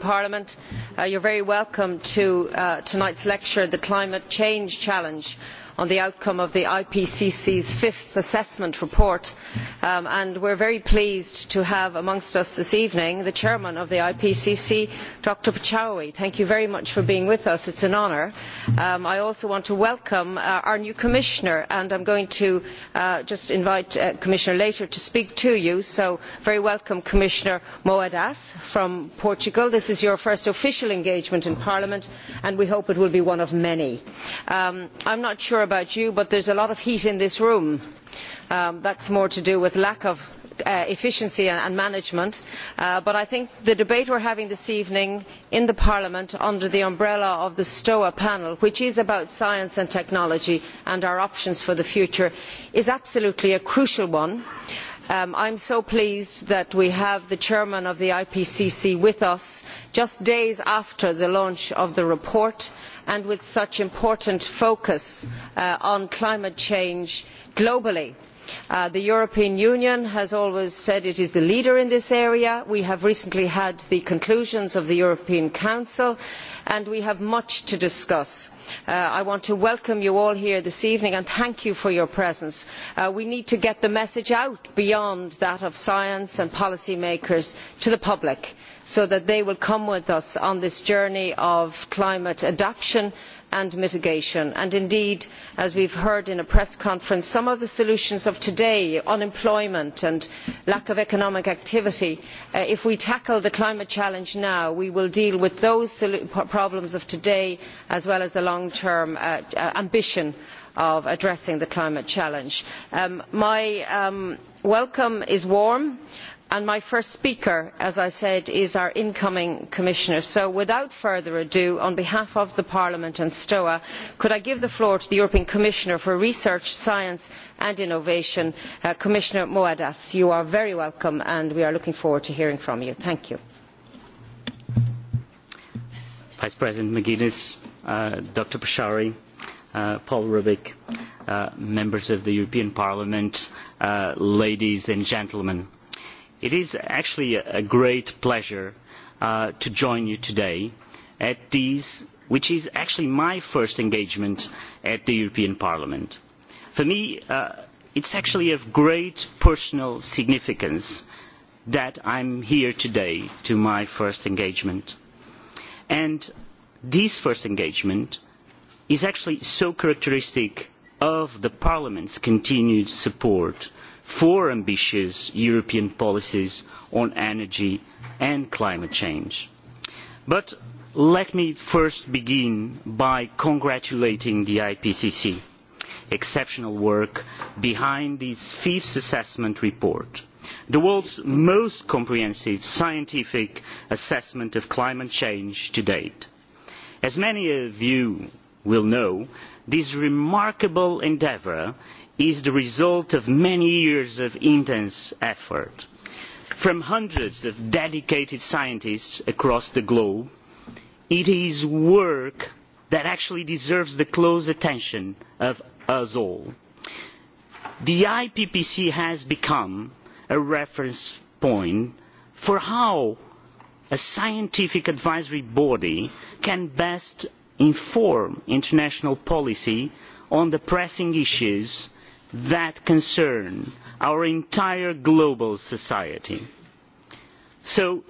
parliament you are very welcome to tonight's lecture the climate change challenge' on the outcome of the ipcc's fifth assessment report and we are very pleased to have amongst us this evening the chairman of the ipcc dr pachauri. thank you very much for being with us it is an honour. i also want to welcome our new commissioner and i am going to just invite commissioner later to speak to you so very welcome commissioner moedas from portugal. this is your first official engagement in parliament and we hope it will be one of many. i am not sure about you but there is a lot of heat in this room. that is more to do with lack of efficiency and management but i think the debate we are having this evening in parliament under the umbrella of the stoa panel which is about science and technology and our options for the future is absolutely a crucial one i am so pleased that we have the chairman of the ipcc with us just days after the launch of the report and with such important focus on climate change globally the european union has always said it is the leader in this area we have recently had the conclusions of the european council and we have much to discuss. i want to welcome you all here this evening and thank you for your presence. we need to get the message out beyond that of science and policy makers to the public so that they will come with us on this journey of climate adaptation and mitigation and indeed as we have heard in a press conference some of the solutions of today unemployment and lack of economic activity if we tackle the climate challenge now we will deal with those problems of today as well as the long term ambition of addressing the climate challenge. my welcome is warm and my first speaker as i said is our incoming commissioner so without further ado on behalf of parliament and stoa could i give the floor to the european commissioner for research science and innovation commissioner moedas. you are very welcome and we are looking forward to hearing from you. thank you. vice president mcguinness dr Pashari, paul rubig members of the european parliament ladies and gentlemen It is actually a great pleasure to join you today at this which is actually my first engagement at the European Parliament. For me, it's actually of great personal significance that I'm here today to my first engagement. And this first engagement is actually so characteristic of the Parliament's continued support for ambitious European policies on energy and climate change. But let me first begin by congratulating the IPCC. Exceptional work behind this fifth assessment report, the world's most comprehensive scientific assessment of climate change to date. As many of you will know, this remarkable endeavour is the result of many years of intense effort from hundreds of dedicated scientists across the globe. it is work that actually deserves the close attention of us all. the ippc has become a reference point for how a scientific advisory body can best inform international policy on the pressing issues that concern our entire global society. So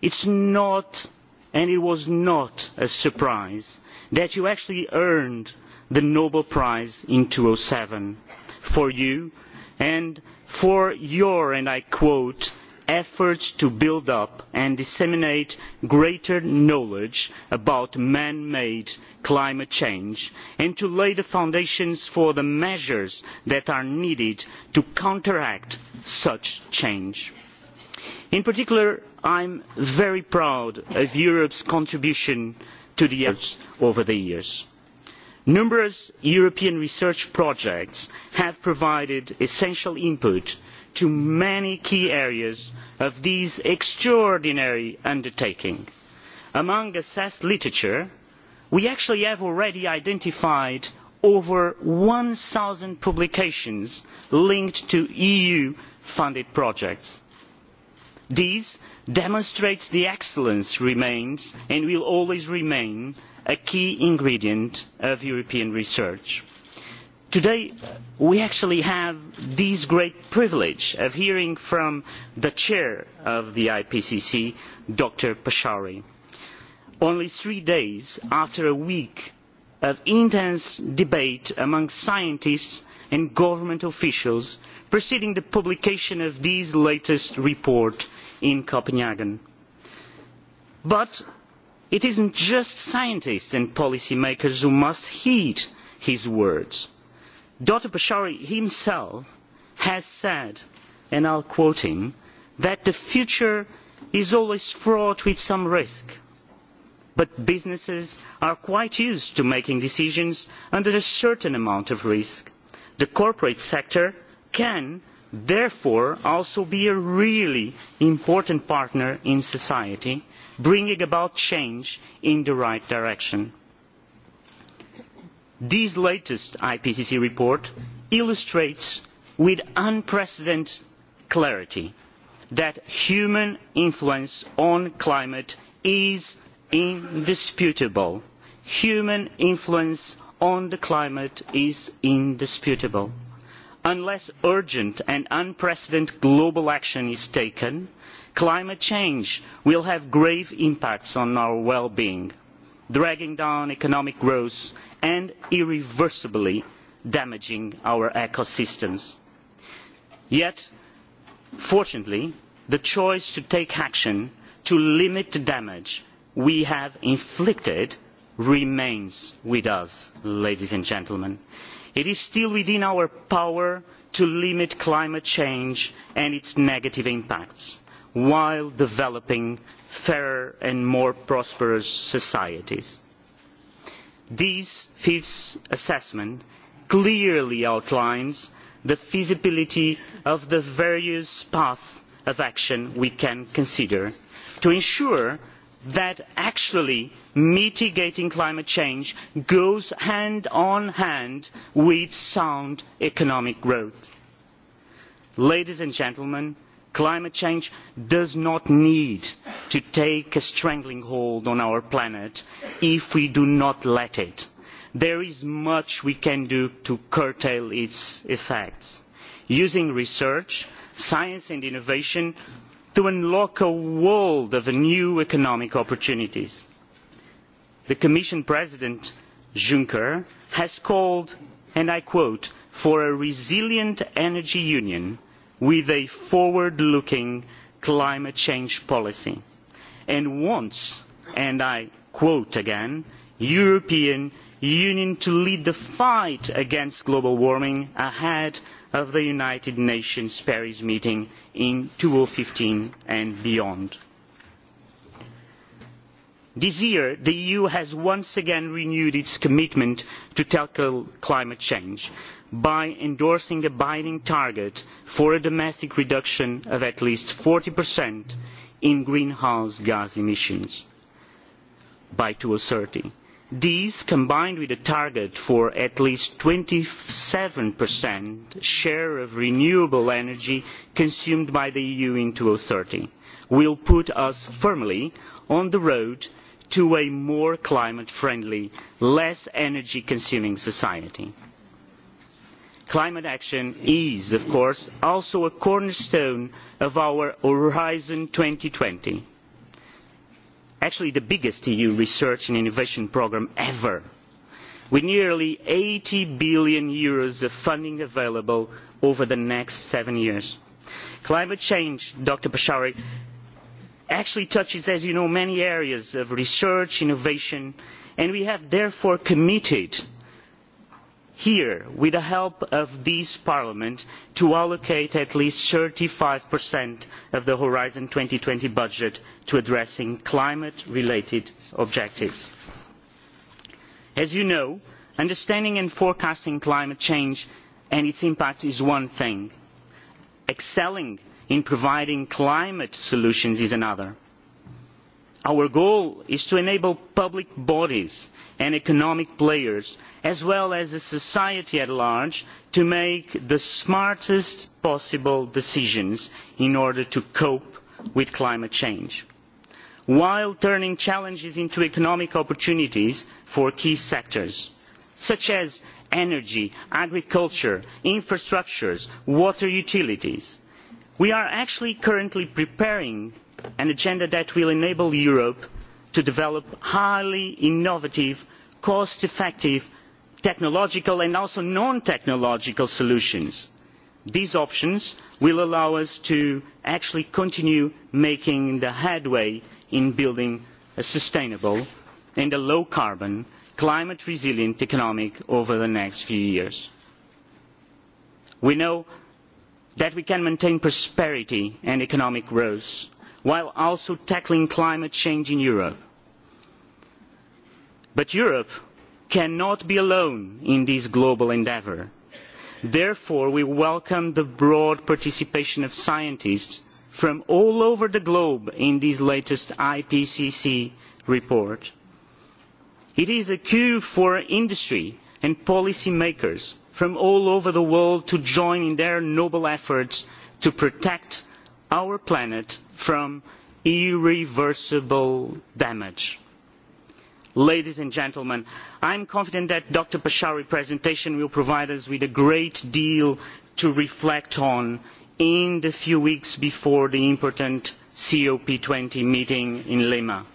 it is not and it was not a surprise that you actually earned the Nobel Prize in 2007 for you and for your, and I quote, efforts to build up and disseminate greater knowledge about man made climate change and to lay the foundations for the measures that are needed to counteract such change. in particular i am very proud of europe's contribution to the efforts over the years. numerous european research projects have provided essential input to many key areas of this extraordinary undertaking. among assessed literature we actually have already identified over one publications linked to eu funded projects. this demonstrates the excellence remains and will always remain a key ingredient of european research today we actually have this great privilege of hearing from the chair of the ipcc dr pachauri only three days after a week of intense debate among scientists and government officials preceding the publication of this latest report in copenhagen. but it is not just scientists and policy makers who must heed his words dr bashiri himself has said and i will quote him that the future is always fraught with some risk but businesses are quite used to making decisions under a certain amount of risk. the corporate sector can therefore also be a really important partner in society bringing about change in the right direction this latest ipcc report illustrates with unprecedented clarity that human influence on climate is indisputable. human influence on the climate is indisputable. unless urgent and unprecedented global action is taken climate change will have grave impacts on our well being dragging down economic growth and irreversibly damaging our ecosystems. Yet, fortunately, the choice to take action to limit the damage we have inflicted remains with us, ladies and gentlemen. It is still within our power to limit climate change and its negative impacts while developing fairer and more prosperous societies this fifth assessment clearly outlines the feasibility of the various paths of action we can consider to ensure that actually mitigating climate change goes hand in hand with sound economic growth. ladies and gentlemen climate change does not need to take a strangling hold on our planet if we do not let it. there is much we can do to curtail its effects using research science and innovation to unlock a world of new economic opportunities. the commission president juncker has called and i quote for a resilient energy union' with a forward looking climate change policy and wants and i quote again the european union to lead the fight against global warming ahead of the united nations paris meeting in 2015 and beyond. this year the eu has once again renewed its commitment to tackle climate change by endorsing a binding target for a domestic reduction of at least 40% in greenhouse gas emissions by two thirty. These, combined with a target for at least twenty 27% share of renewable energy consumed by the EU in two thirty, will put us firmly on the road to a more climate friendly, less energy consuming society climate action is of course also a cornerstone of our horizon two thousand and twenty actually the biggest eu research and innovation programme ever with nearly eur eighty billion of funding available over the next seven years. climate change dr pachauri actually touches as you know many areas of research innovation and we have therefore committed here with the help of this parliament to allocate at least thirty five of the horizon two thousand and twenty budget to addressing climate related objectives. as you know understanding and forecasting climate change and its impacts is one thing excelling in providing climate solutions is another our goal is to enable public bodies and economic players as well as society at large to make the smartest possible decisions in order to cope with climate change while turning challenges into economic opportunities for key sectors such as energy agriculture infrastructures water utilities. we are actually currently preparing an agenda that will enable europe to develop highly innovative cost effective technological and also non technological solutions. these options will allow us to actually continue making headway in building a sustainable and a low carbon climate resilient economy over the next few years. we know that we can maintain prosperity and economic growth while also tackling climate change in Europe. But Europe cannot be alone in this global endeavour. Therefore, we welcome the broad participation of scientists from all over the globe in this latest IPCC report. It is a cue for industry and policy makers from all over the world to join in their noble efforts to protect our planet from irreversible damage. Ladies and gentlemen, I am confident that Dr Pashari's presentation will provide us with a great deal to reflect on in the few weeks before the important COP20 meeting in Lima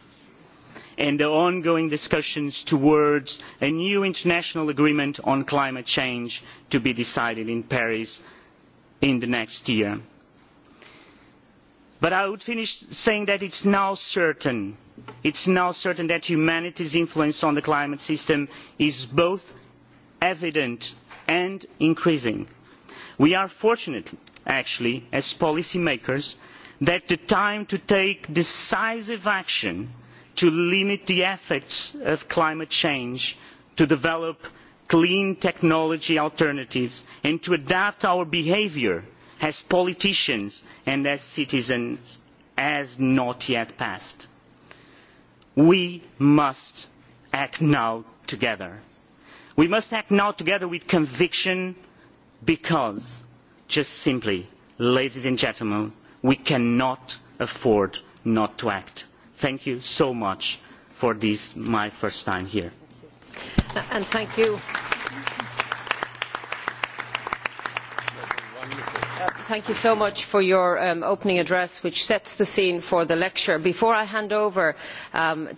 and the ongoing discussions towards a new international agreement on climate change to be decided in Paris in the next year but i would finish saying that it is now certain that humanity's influence on the climate system is both evident and increasing. we are fortunate actually as policy makers that the time to take decisive action to limit the effects of climate change to develop clean technology alternatives and to adapt our behaviour as politicians and as citizens has not yet passed. We must act now together. We must act now together with conviction because, just simply, ladies and gentlemen, we cannot afford not to act. Thank you so much for this, my first time here. And thank you thank you so much for your opening address which sets the scene for the lecture. before i hand over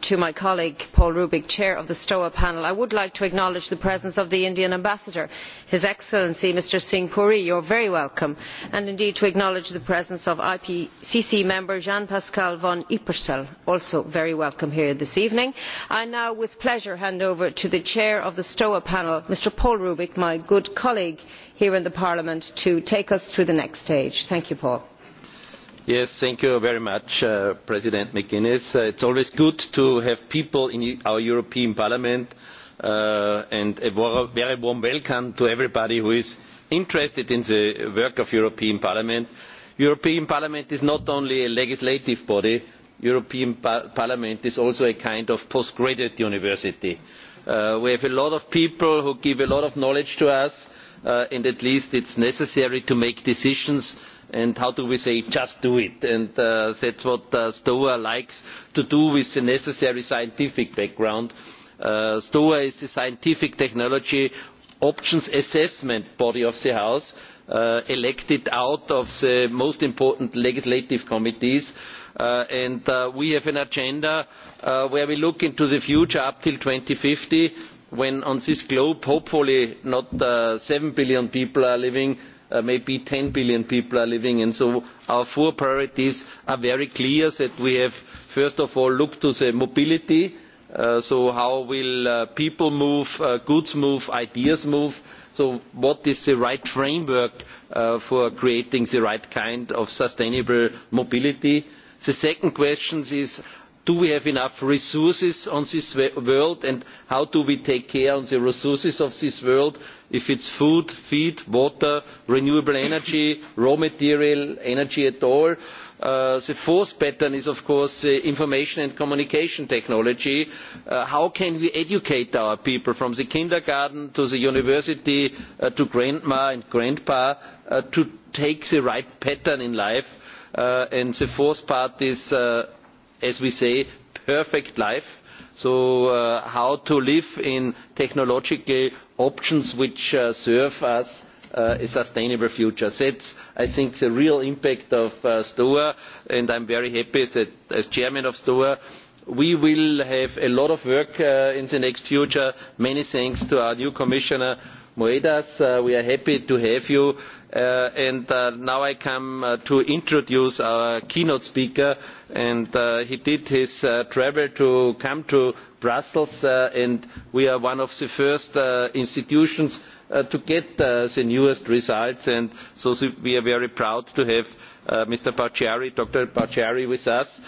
to my colleague paul rubig chair of the stoa panel i would like to acknowledge the presence of the indian ambassador his excellency mr singh puri you are very welcome and indeed to acknowledge the presence of ipcc member jean pascal von ippersen also very welcome here this evening. i now with pleasure hand over to the chair of the stoa panel mr paul rubig my good colleague here in Parliament to take us through the next stage. Thank you, Paul. Yes, thank you very much, President McGuinness. It's always good to have people in our European Parliament and a very warm welcome to everybody who is interested in the work of European Parliament. European Parliament is not only a legislative body, European Parliament is also a kind of postgraduate university. We have a lot of people who give a lot of knowledge to us and at least it's necessary to make decisions and how do we say just do it and that's what stoa likes to do with the necessary scientific background. stoa is the scientific technology options assessment body of the house elected out of the most important legislative committees and we have an agenda where we look into the future up till 2050 when on this globe hopefully not 7 billion people are living, maybe 10 billion people are living. And so our four priorities are very clear that we have first of all looked to the mobility, so how will people move, goods move, ideas move. So what is the right framework for creating the right kind of sustainable mobility? The second question is do we have enough resources on this world and how do we take care of the resources of this world if it's food feed water renewable energy raw material energy at all. the fourth pattern is of course information and communication technology how can we educate our people from the kindergarten to the university to grandma and grandpa to take the right pattern in life? and the fourth part is as we say, perfect life. So how to live in technological options which serve us a sustainable future. That's, I think, the real impact of STOA, and I'm very happy that as chairman of STOA, we will have a lot of work in the next future. Many thanks to our new commissioner Moedas. We are happy to have you. And now I come to introduce our keynote speaker. And he did his travel to come to Brussels. And we are one of the first institutions to get the newest results. And so we are very proud to have Mr. Paciari, Dr. Paciari with us.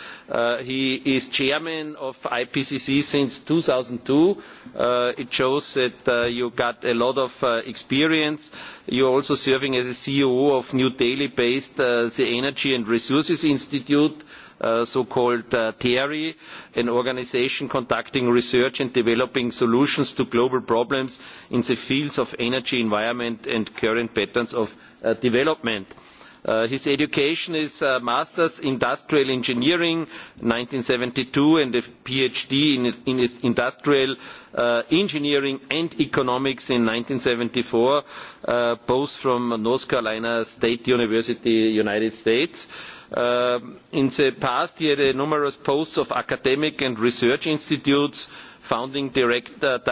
He is chairman of IPCC since 2002. It shows that you got a lot of experience. You are also serving as the CEO of New Delhi-based the Energy and Resources Institute so called TERI, an organisation conducting research and developing solutions to global problems in the fields of energy, environment and current patterns of development. His education is a Master's in Industrial Engineering 1972 and a PhD in Industrial Engineering and Economics in seventy four, both from North Carolina State University, United States. In the past, he had numerous posts of academic and research institutes founding director of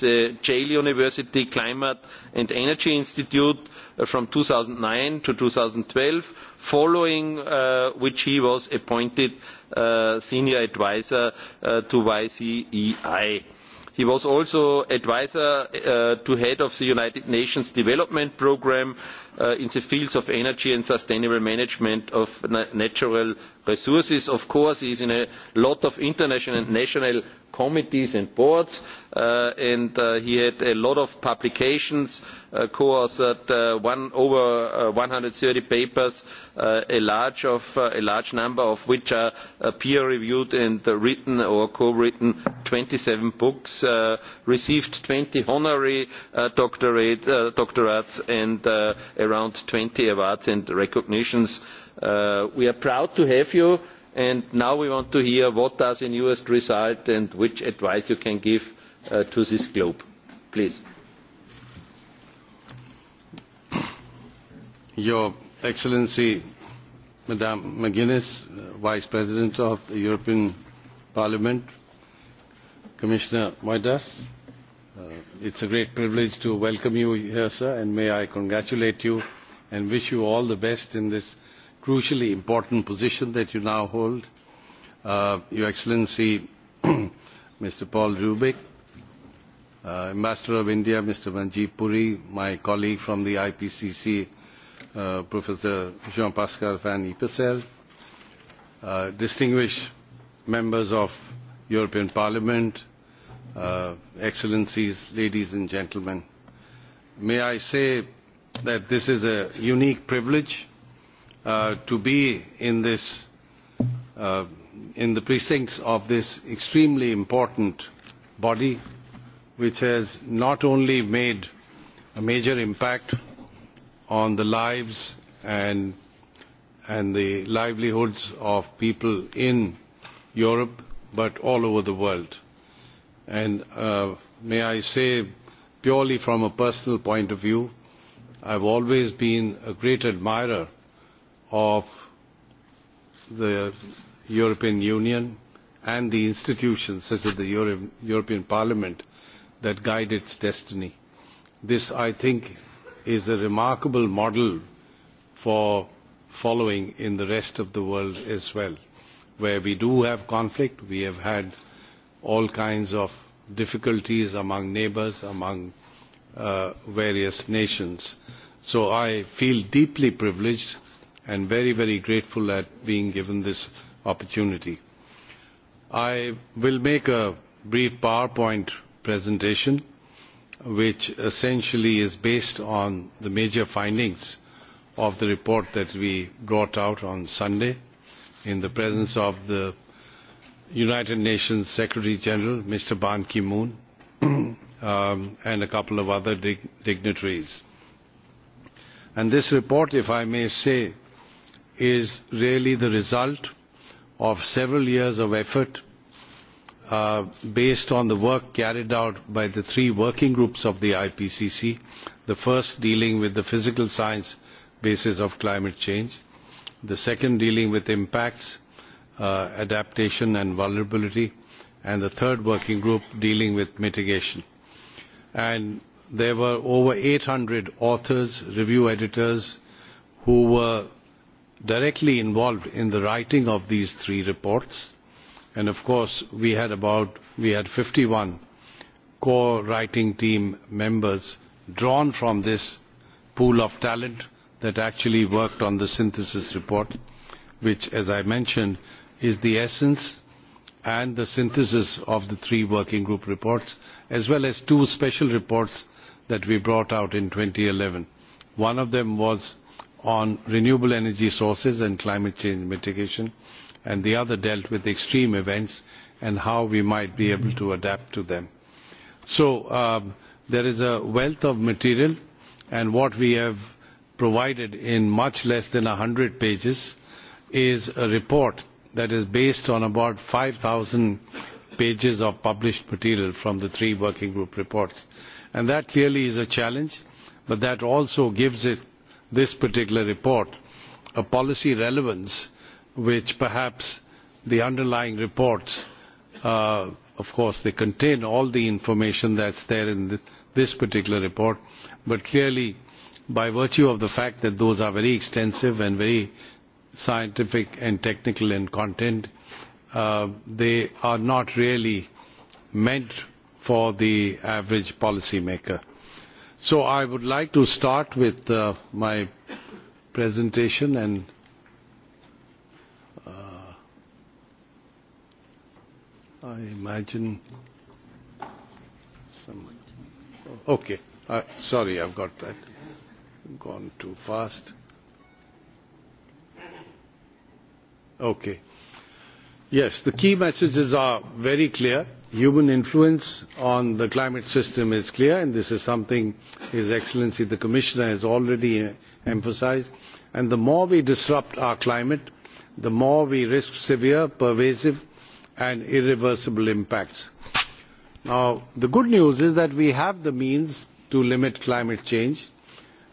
the Yale University Climate and Energy Institute from 2009 to 2012, following which he was appointed senior advisor to YCEI. He was also advisor to head of the United Nations Development Programme in the fields of energy and sustainable management of natural resources. Of course, is in a lot of international and national committees and boards, and he had a lot of publications, co-authored over 130 papers, a large number of which are peer-reviewed and written or co-written, 27 books, received 20 honorary doctorates and around 20 awards and recognitions We are proud to have you, and now we want to hear what does the newest result and which advice you can give to this globe. Please. Your Excellency, Madame McGuinness, Vice President of the European Parliament, Commissioner Moedas, it's a great privilege to welcome you here, sir, and may I congratulate you and wish you all the best in this crucially important position that you now hold. Your Excellency, Mr. Paul Rubik, Ambassador of India, Mr. Manjeev Puri, my colleague from the IPCC, Professor Jean-Pascal Van Ypersel, distinguished members of European Parliament, Excellencies, ladies and gentlemen. May I say that this is a unique privilege to be in this in the precincts of this extremely important body which has not only made a major impact on the lives and the livelihoods of people in Europe but all over the world. And may I say purely from a personal point of view, I have always been a great admirer of the European Union and the institutions such as the European Parliament that guide its destiny. This, I think, is a remarkable model for following in the rest of the world as well, where we do have conflict. We have had all kinds of difficulties among neighbours, among various nations. So I feel deeply privileged and very, very grateful at being given this opportunity. I will make a brief PowerPoint presentation which essentially is based on the major findings of the report that we brought out on Sunday in the presence of the United Nations Secretary General, Mr. Ban Ki-moon, and a couple of other dignitaries. And this report, if I may say, is really the result of several years of effort based on the work carried out by the three working groups of the IPCC, the first dealing with the physical science basis of climate change, the second dealing with impacts, adaptation and vulnerability, and the third working group dealing with mitigation. And there were over 800 authors, review editors, who were directly involved in the writing of these three reports and of course we had about we had 51 core writing team members drawn from this pool of talent that actually worked on the synthesis report which as i mentioned is the essence and the synthesis of the three working group reports as well as two special reports that we brought out in 2011 one of them was on renewable energy sources and climate change mitigation, and the other dealt with extreme events and how we might be able to adapt to them. So there is a wealth of material, and what we have provided in much less than 100 pages is a report that is based on about 5,000 pages of published material from the three working group reports. And that clearly is a challenge, but that also gives it this particular report a policy relevance which perhaps the underlying reports of course they contain all the information that's there in this particular report but clearly by virtue of the fact that those are very extensive and very scientific and technical in content they are not really meant for the average policymaker. So I would like to start with my presentation and I imagine some. Okay, sorry, I've got that. Gone too fast. Okay. Yes, the key messages are very clear human influence on the climate system is clear and this is something his excellency the commissioner has already emphasised and the more we disrupt our climate the more we risk severe pervasive and irreversible impacts. the good news is that we have the means to limit climate change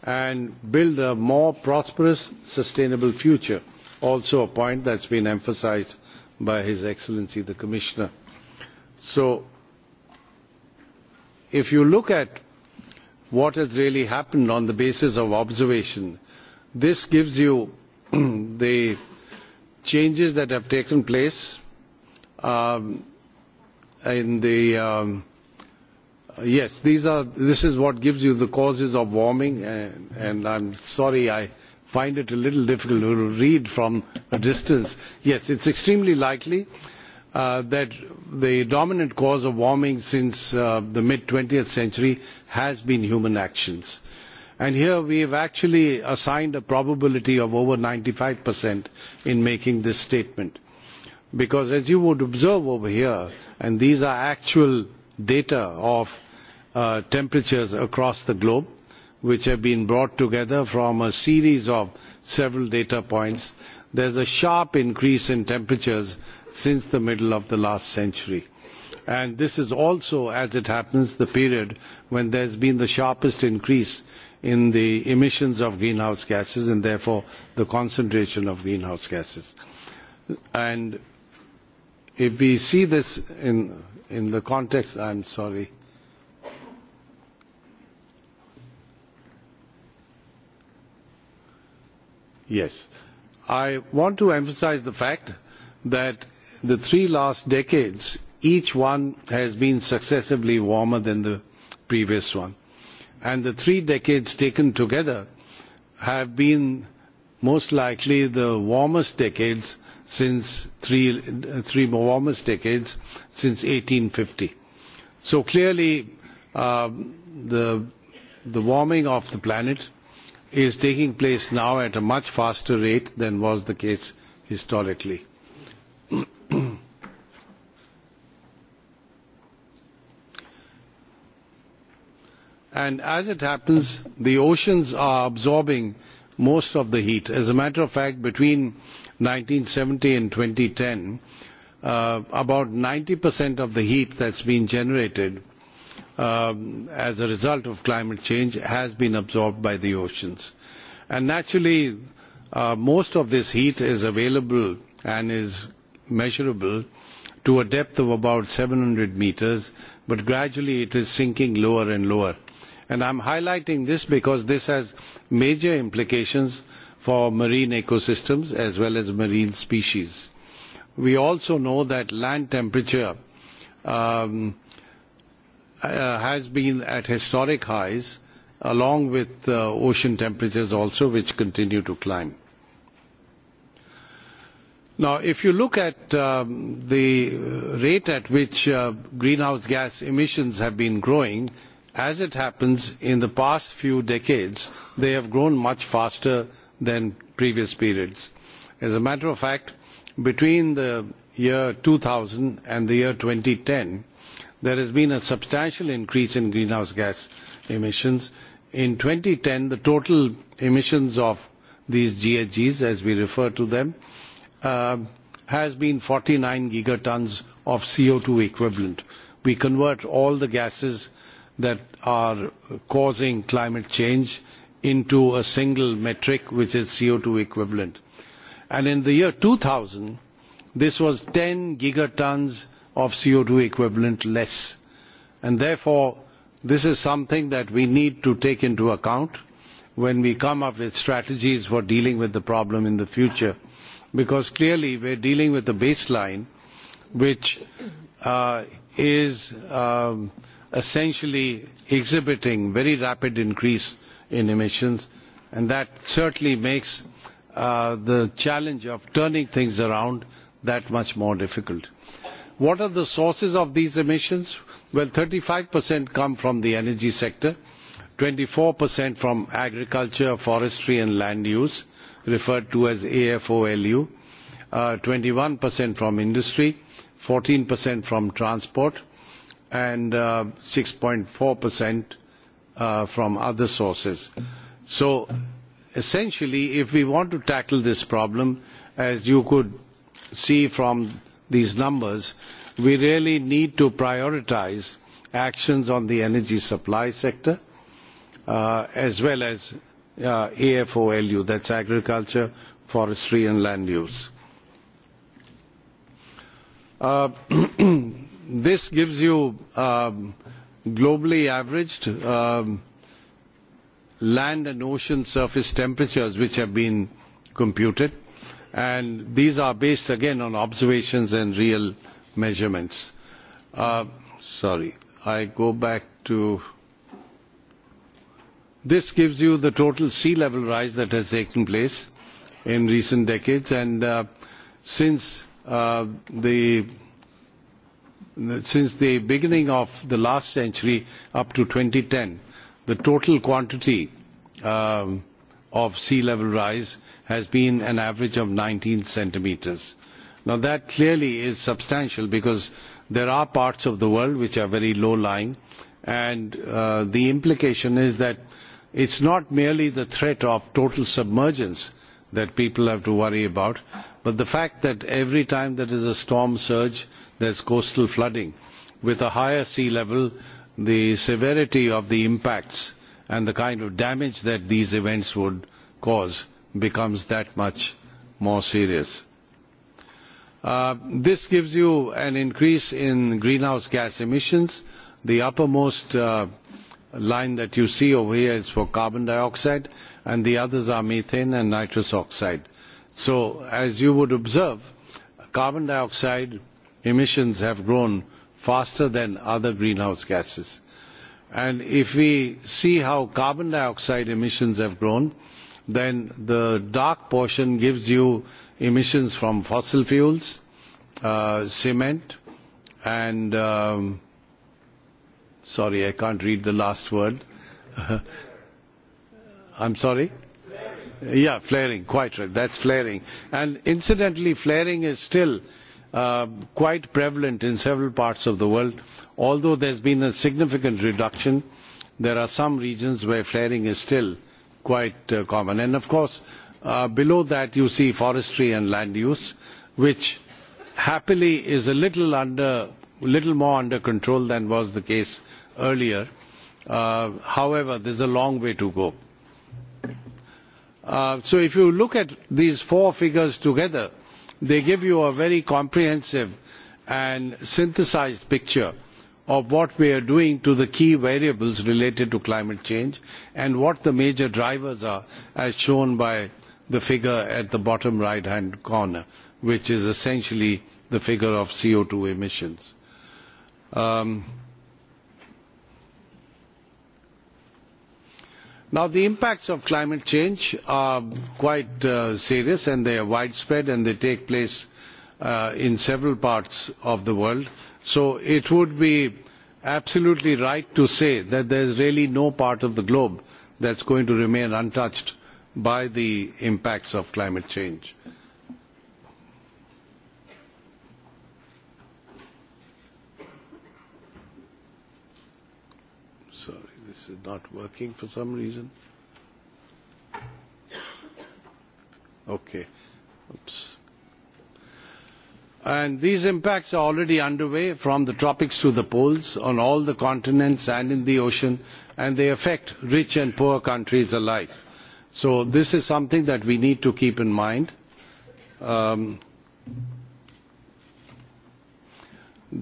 and build a more prosperous sustainable future also a point that has been emphasised by his excellency the commissioner. So if you look at what has really happened on the basis of observation, this gives you the changes that have taken place in the yes these are this is what gives you the causes of warming and i'm sorry i find it a little difficult to read from a distance yes it's extremely likely that the dominant cause of warming since the mid 20th century has been human actions. And here we have actually assigned a probability of over 95% in making this statement. Because as you would observe over here, and these are actual data of temperatures across the globe, which have been brought together from a series of several data points, there is a sharp increase in temperatures since the middle of the last century. And this is also, as it happens, the period when there has been the sharpest increase in the emissions of greenhouse gases and therefore the concentration of greenhouse gases. And if we see this in the context, I'm sorry. Yes. I want to emphasize the fact that the three last decades, each one has been successively warmer than the previous one. And the three decades taken together have been most likely the warmest decades since three three warmest decades since 1850. So clearly the the warming of the planet is taking place now at a much faster rate than was the case historically. and as it happens the oceans are absorbing most of the heat. As a matter of fact, between 1970 and 2010, about 90% of the heat that's been generated as a result of climate change has been absorbed by the oceans. And naturally, most of this heat is available and is measurable to a depth of about 700 meters, but gradually it is sinking lower and lower and i am highlighting this because this has major implications for marine ecosystems as well as marine species. we also know that land temperature has been at historic highs along with ocean temperatures also which continue to climb. Now, if you look at the rate at which greenhouse gas emissions have been growing, as it happens in the past few decades they have grown much faster than previous periods. as a matter of fact between the year 2000 and the year 2010 there has been a substantial increase in greenhouse gas emissions. in 2010 the total emissions of these ghgs as we refer to them has been 49 gigatons of co2 equivalent. we convert all the gases that are causing climate change into a single metric which is CO2 equivalent. And in the year 2000, this was 10 gigatons of CO2 equivalent less. And therefore, this is something that we need to take into account when we come up with strategies for dealing with the problem in the future. Because clearly we are dealing with a baseline which is essentially exhibiting very rapid increase in emissions and that certainly makes the challenge of turning things around that much more difficult. What are the sources of these emissions? Well, 35% come from the energy sector, 24% from agriculture, forestry and land use, referred to as AFOLU, 21% from industry, 14% from transport, and 6.4% from other sources. So essentially, if we want to tackle this problem, as you could see from these numbers, we really need to prioritize actions on the energy supply sector, as well as AFOLU, that's agriculture, forestry and land use. This gives you globally averaged land and ocean surface temperatures which have been computed and these are based again on observations and real measurements. Sorry, I go back to this gives you the total sea level rise that has taken place in recent decades and since the since the beginning of the last century up to 2010, the total quantity of sea level rise has been an average of 19 centimetres. Now that clearly is substantial because there are parts of the world which are very low lying and the implication is that it's not merely the threat of total submergence that people have to worry about But the fact that every time there is a storm surge, there is coastal flooding. With a higher sea level, the severity of the impacts and the kind of damage that these events would cause becomes that much more serious. This gives you an increase in greenhouse gas emissions. The uppermost line that you see over here is for carbon dioxide and the others are methane and nitrous oxide. So, as you would observe, carbon dioxide emissions have grown faster than other greenhouse gases. And if we see how carbon dioxide emissions have grown, then the dark portion gives you emissions from fossil fuels, cement, and sorry, I can't read the last word. I'm sorry? Yeah, flaring, quite right. That's flaring. And incidentally, flaring is still quite prevalent in several parts of the world. Although there's been a significant reduction, there are some regions where flaring is still quite common. And of course, below that you see forestry and land use, which happily is a little under, little more under control than was the case earlier. However, there's a long way to go. So if you look at these four figures together, they give you a very comprehensive and synthesized picture of what we are doing to the key variables related to climate change and what the major drivers are, as shown by the figure at the bottom right-hand corner, which is essentially the figure of CO2 emissions. Now the impacts of climate change are quite serious and they are widespread and they take place in several parts of the world. So it would be absolutely right to say that there is really no part of the globe that is going to remain untouched by the impacts of climate change. Is not working for some reason? Okay. Oops. And these impacts are already underway from the tropics to the poles on all the continents and in the ocean, and they affect rich and poor countries alike. So this is something that we need to keep in mind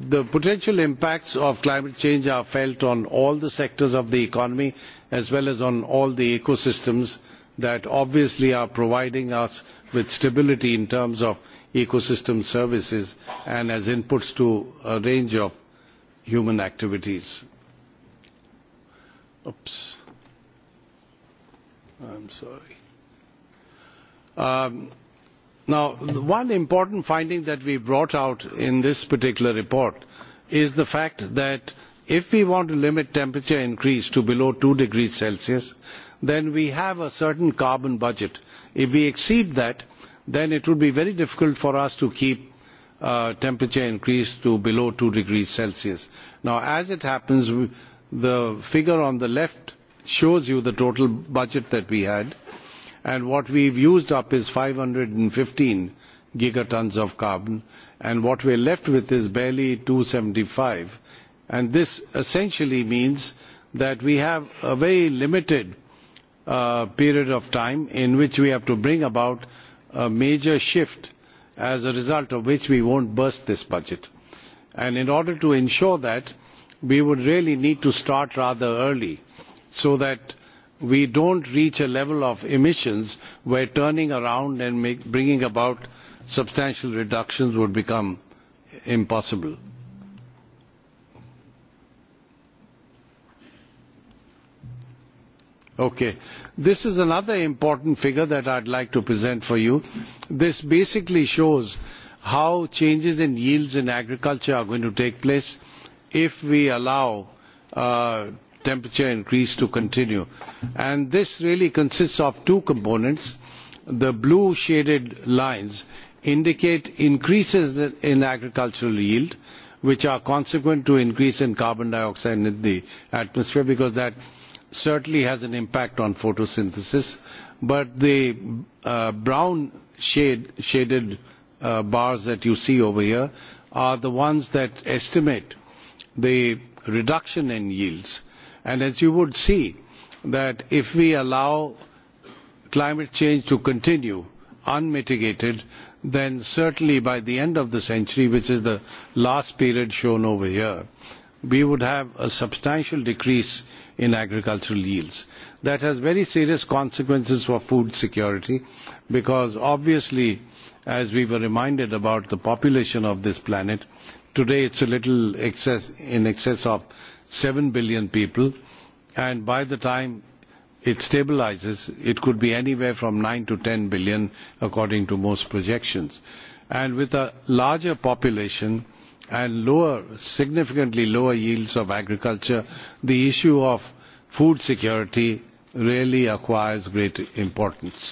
the potential impacts of climate change are felt on all the sectors of the economy as well as on all the ecosystems that obviously are providing us with stability in terms of ecosystem services and as inputs to a range of human activities. Oops. I'm sorry Now, one important finding that we brought out in this particular report is the fact that if we want to limit temperature increase to below 2 degrees Celsius, then we have a certain carbon budget. If we exceed that, then it would be very difficult for us to keep temperature increase to below 2 degrees Celsius. Now, as it happens, the figure on the left shows you the total budget that we had and what we've used up is 515 gigatons of carbon and what we're left with is barely 275 and this essentially means that we have a very limited period of time in which we have to bring about a major shift as a result of which we won't burst this budget and in order to ensure that we would really need to start rather early so that we don't reach a level of emissions where turning around and bringing about substantial reductions would become impossible. Okay. This is another important figure that I'd like to present for you. This basically shows how changes in yields in agriculture are going to take place if we allow temperature increase to continue. And this really consists of two components. The blue shaded lines indicate increases in agricultural yield, which are consequent to increase in carbon dioxide in the atmosphere, because that certainly has an impact on photosynthesis. But the brown shaded bars that you see over here are the ones that estimate the reduction in yields and as you would see that if we allow climate change to continue unmitigated then certainly by the end of the century which is the last period shown over here we would have a substantial decrease in agricultural yields. That has very serious consequences for food security because obviously as we were reminded about the population of this planet today it's a little in excess of 7 billion people and by the time it stabilizes it could be anywhere from 9 to 10 billion according to most projections and with a larger population and lower significantly lower yields of agriculture the issue of food security really acquires great importance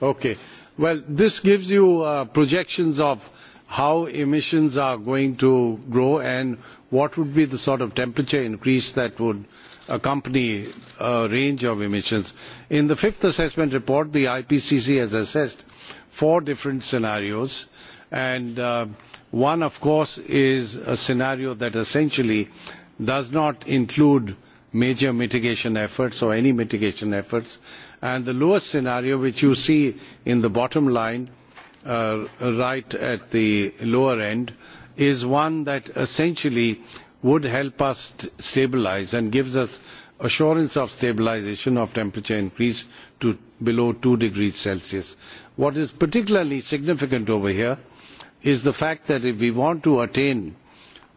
Okay. Well, this gives you projections of how emissions are going to grow and what would be the sort of temperature increase that would accompany a range of emissions. In the fifth assessment report, the IPCC has assessed four different scenarios and one, of course, is a scenario that essentially does not include major mitigation efforts or any mitigation efforts and the lowest scenario which you see in the bottom line right at the lower end is one that essentially would help us stabilise and gives us assurance of stabilisation of temperature increase to below 2 degrees Celsius. What is particularly significant over here is the fact that if we want to attain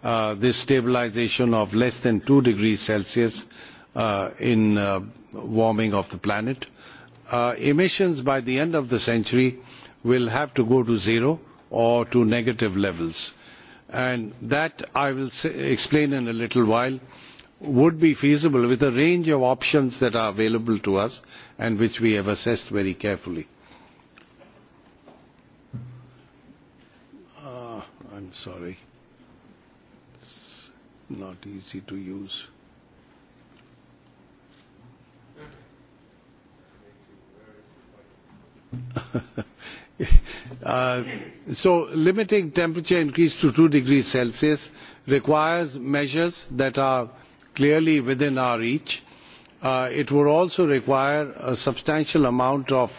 this stabilisation of less than 2 degrees Celsius in warming of the planet, emissions by the end of the century will have to go to zero or to negative levels. And that, I will explain in a little while, would be feasible with a range of options that are available to us and which we have assessed very carefully. I'm sorry. It's not easy to use. So limiting temperature increase to two degrees Celsius requires measures that are clearly within our reach. It would also require a substantial amount of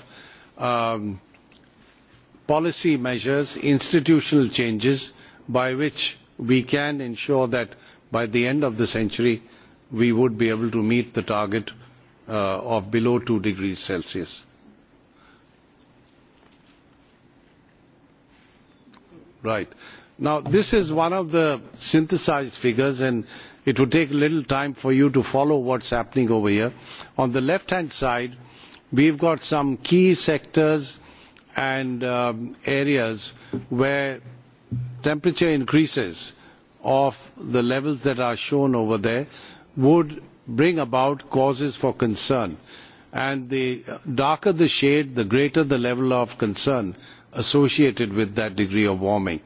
policy measures, institutional changes, by which we can ensure that by the end of the century we would be able to meet the target of below two degrees Celsius. Right. Now, this is one of the synthesized figures, and it would take a little time for you to follow what's happening over here. On the left-hand side, we've got some key sectors and areas where temperature increases of the levels that are shown over there would bring about causes for concern. And the darker the shade, the greater the level of concern associated with that degree of warming.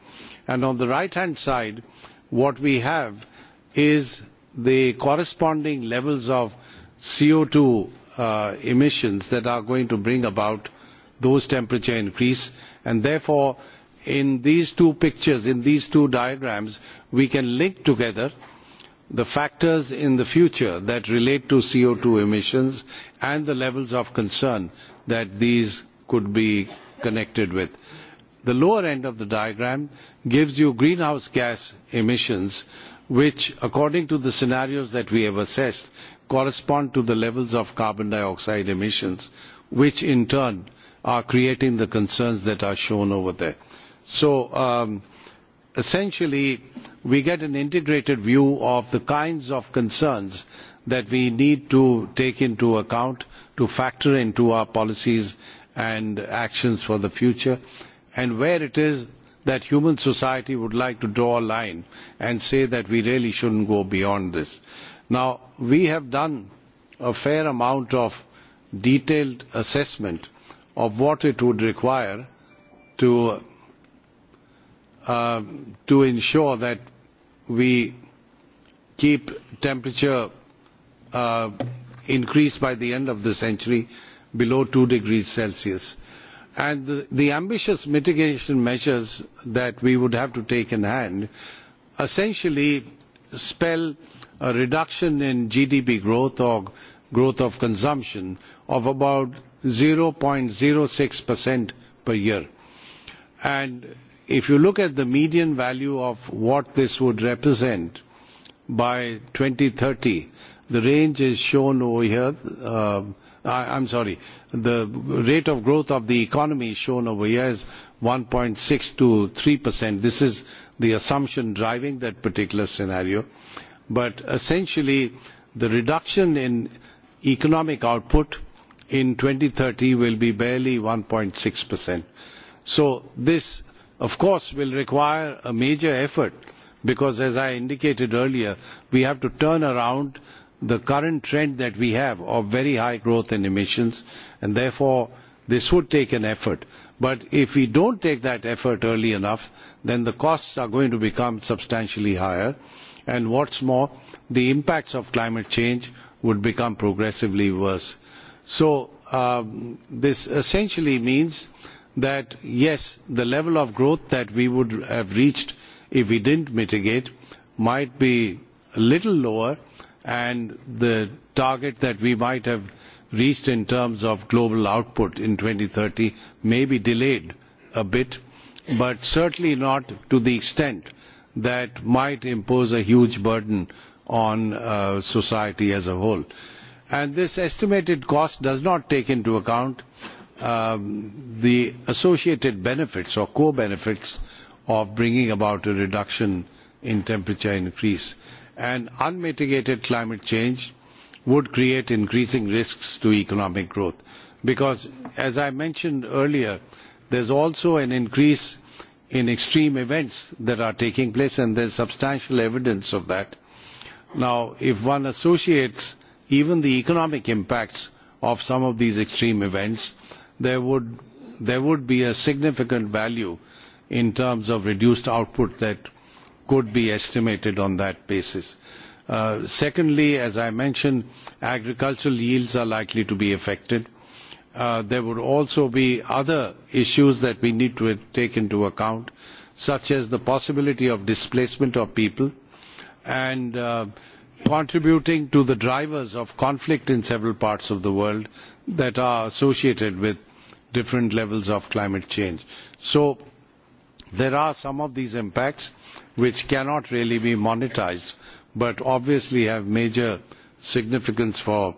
And on the right hand side, what we have is the corresponding levels of CO2 emissions that are going to bring about those temperature increase and therefore in these two pictures, in these two diagrams, we can link together the factors in the future that relate to CO2 emissions and the levels of concern that these could be connected with. The lower end of the diagram gives you greenhouse gas emissions which, according to the scenarios that we have assessed, correspond to the levels of carbon dioxide emissions, which in turn are creating the concerns that are shown over there. So essentially we get an integrated view of the kinds of concerns that we need to take into account to factor into our policies and actions for the future and where it is that human society would like to draw a line and say that we really shouldn't go beyond this. Now, we have done a fair amount of detailed assessment of what it would require to to ensure that we keep temperature increased by the end of the century below 2 degrees Celsius. And the ambitious mitigation measures that we would have to take in hand essentially spell a reduction in GDP growth or growth of consumption of about 0.06% per year. And if you look at the median value of what this would represent by 2030, The range is shown over here. I'm sorry, the rate of growth of the economy shown over here is 1.6 to 3%. This is the assumption driving that particular scenario. But essentially, the reduction in economic output in 2030 will be barely 1.6%. So this, of course, will require a major effort because, as I indicated earlier, we have to turn around the current trend that we have of very high growth in emissions and therefore this would take an effort. But if we don't take that effort early enough then the costs are going to become substantially higher and what's more the impacts of climate change would become progressively worse. So this essentially means that yes the level of growth that we would have reached if we didn't mitigate might be a little lower and the target that we might have reached in terms of global output in 2030 may be delayed a bit, but certainly not to the extent that might impose a huge burden on society as a whole. And this estimated cost does not take into account the associated benefits or co-benefits of bringing about a reduction in temperature increase and unmitigated climate change would create increasing risks to economic growth. Because, as I mentioned earlier, there is also an increase in extreme events that are taking place and there is substantial evidence of that. Now, if one associates even the economic impacts of some of these extreme events, there would be a significant value in terms of reduced output that could be estimated on that basis. Secondly, as I mentioned, agricultural yields are likely to be affected. There would also be other issues that we need to take into account, such as the possibility of displacement of people and contributing to the drivers of conflict in several parts of the world that are associated with different levels of climate change. So there are some of these impacts which cannot really be monetised, but obviously have major significance for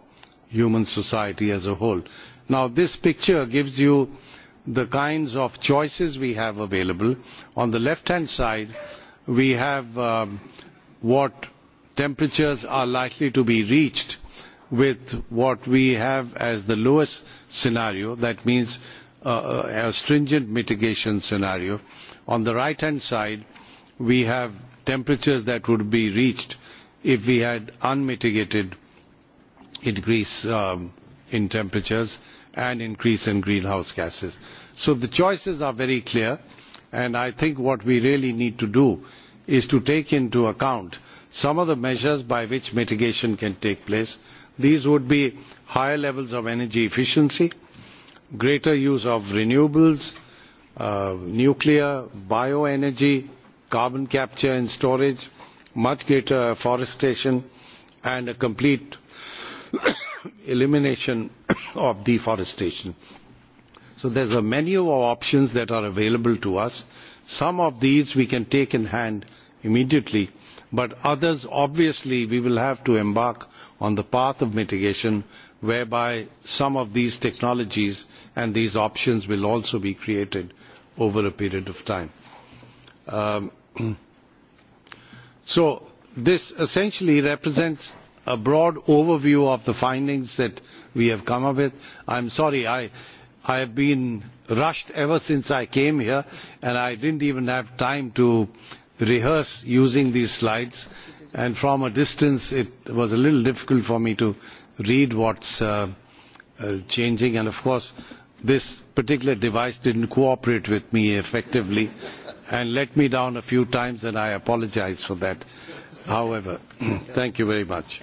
human society as a whole. Now this picture gives you the kinds of choices we have available. On the left hand side we have what temperatures are likely to be reached with what we have as the lowest scenario, that means a stringent mitigation scenario. On the right hand side we have temperatures that would be reached if we had unmitigated increase in temperatures and increase in greenhouse gases. So the choices are very clear and I think what we really need to do is to take into account some of the measures by which mitigation can take place. These would be higher levels of energy efficiency, greater use of renewables, nuclear, bioenergy, carbon capture and storage, much greater afforestation and a complete elimination of deforestation. So there's a menu of options that are available to us. Some of these we can take in hand immediately, but others obviously we will have to embark on the path of mitigation whereby some of these technologies and these options will also be created over a period of time. So this essentially represents a broad overview of the findings that we have come up with. I'm sorry, I have been rushed ever since I came here and I didn't even have time to rehearse using these slides and from a distance it was a little difficult for me to read what's changing and of course this particular device didn't cooperate with me effectively and let me down a few times and I apologize for that. However, thank you very much.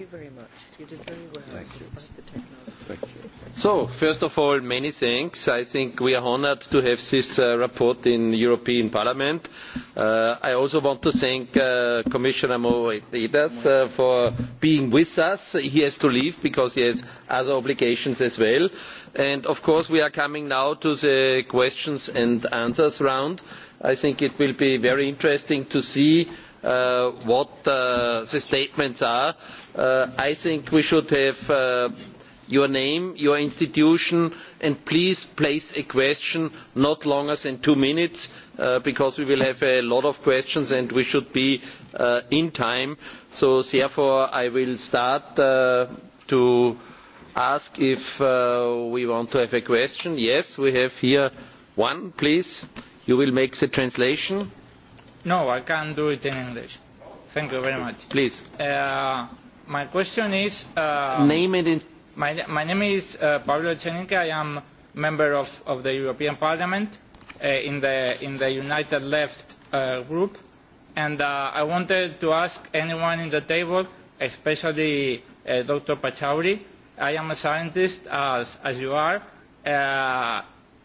you very much. You did very well despite the technology. So, first of all, many thanks. I think we are honored to have this report in European Parliament. I also want to thank Commissioner Moedas for being with us. He has to leave because he has other obligations as well. And, of course, we are coming now to the questions and answers round. I think it will be very interesting to see what the statements are. I think we should have your name, your institution, and please place a question not longer than two minutes, because we will have a lot of questions and we should be in time. So therefore, I will start to ask if we want to have a question. Yes, we have here one, please. You will make the translation. No, I can't do it in English. Thank you very much. Please. My question is. Name it in. My name is Pablo Echenique. I am member of the European Parliament in the United Left group, and I wanted to ask anyone in the table, especially Dr. Pachauri. I am a scientist, as as you are.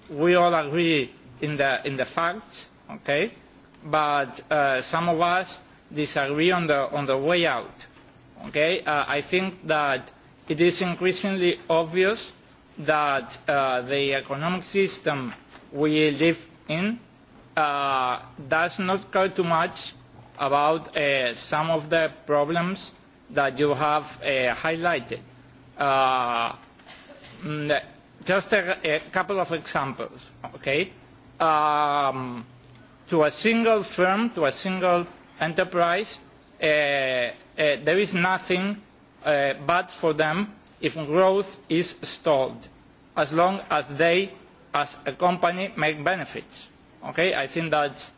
We all agree in the in the facts, okay? but some of us disagree on the way out. I think that it is increasingly obvious that the economic system we live in does not care too much about some of the problems that you have highlighted. Just a couple of examples to a single firm, to a single enterprise, there is nothing bad for them if growth is stalled, as long as they, as a company, make benefits. I think that's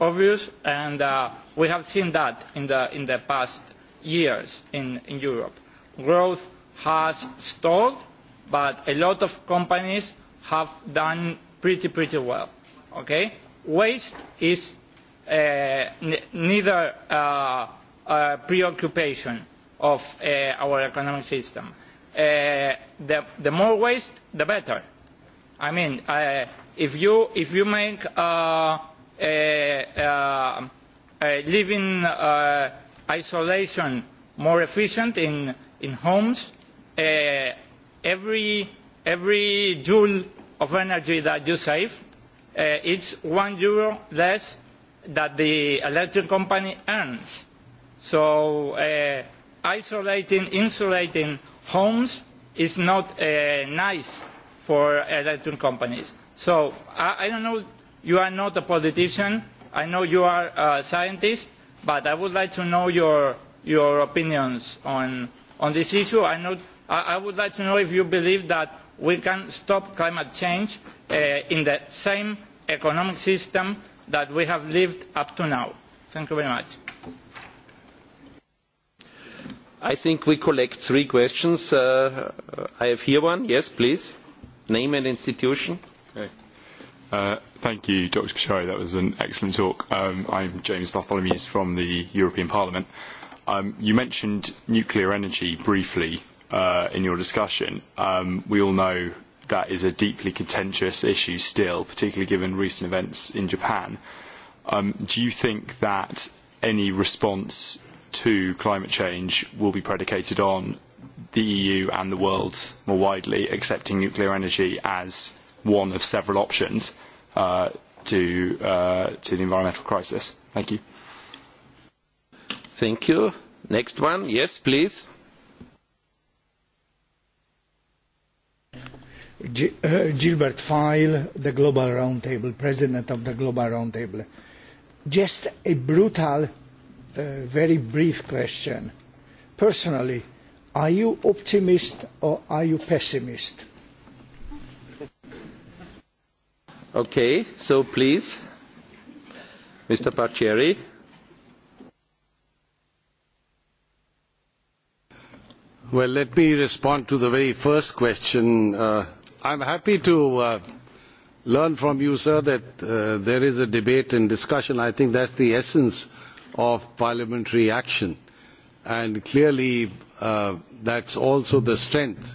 obvious, and we have seen that in the past years in Europe. Growth has stalled, but a lot of companies have done pretty, pretty well waste is neither a preoccupation of our economic system. The more waste, the better. I mean, if you make living isolation more efficient in homes, every joule of energy that you save it's one euro less that the electric company earns. So isolating, insulating homes is not nice for electric companies. So I don't know, you are not a politician, I know you are a scientist, but I would like to know your opinions on this issue. I would like to know if you believe that we can stop climate change in the same economic system that we have lived up to now. Thank you very much. I think we collect three questions. I have here one. Yes, please. Name and institution. Thank you, Dr. Kashari. That was an excellent talk. I'm James Bartholomew from the European Parliament. You mentioned nuclear energy briefly in your discussion. We all know that is a deeply contentious issue still, particularly given recent events in Japan. Do you think that any response to climate change will be predicated on the EU and the world more widely accepting nuclear energy as one of several options to the environmental crisis? Thank you. Thank you. Next one. Yes, please. Gilbert File, the Global Roundtable, President of the Global Roundtable. Just a brutal, very brief question. Personally, are you optimist or are you pessimist? Okay, so please, Mr. Pacieri. Well, let me respond to the very first question I'm happy to learn from you, sir, that there is a debate and discussion. I think that's the essence of parliamentary action. And clearly that's also the strength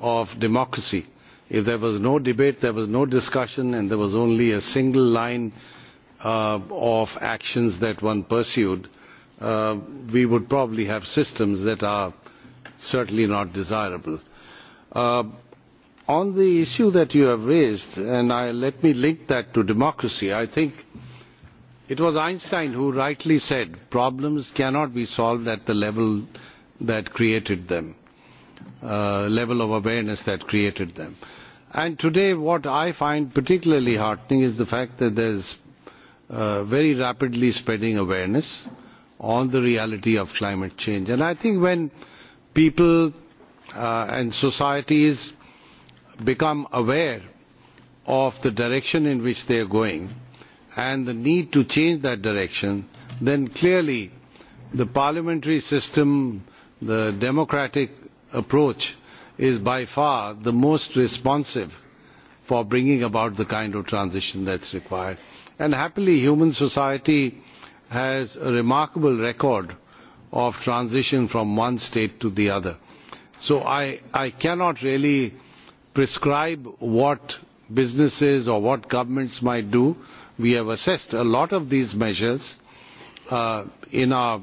of democracy. If there was no debate, there was no discussion, and there was only a single line of actions that one pursued, we would probably have systems that are certainly not desirable on the issue that you have raised and let me link that to democracy i think it was einstein who rightly said problems cannot be solved at the level that created them level of awareness that created them and today what i find particularly heartening is the fact that there is very rapidly spreading awareness on the reality of climate change and i think when people and societies become aware of the direction in which they are going and the need to change that direction, then clearly the parliamentary system, the democratic approach is by far the most responsive for bringing about the kind of transition that's required. And happily, human society has a remarkable record of transition from one state to the other. So I cannot really prescribe what businesses or what governments might do. We have assessed a lot of these measures in our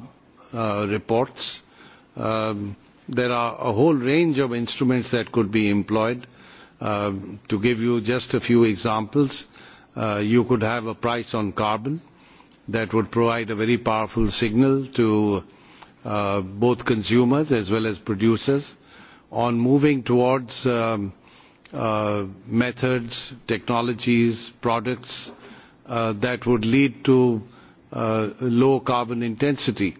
reports. There are a whole range of instruments that could be employed. To give you just a few examples, you could have a price on carbon that would provide a very powerful signal to both consumers as well as producers on moving towards methods, technologies, products that would lead to low carbon intensity.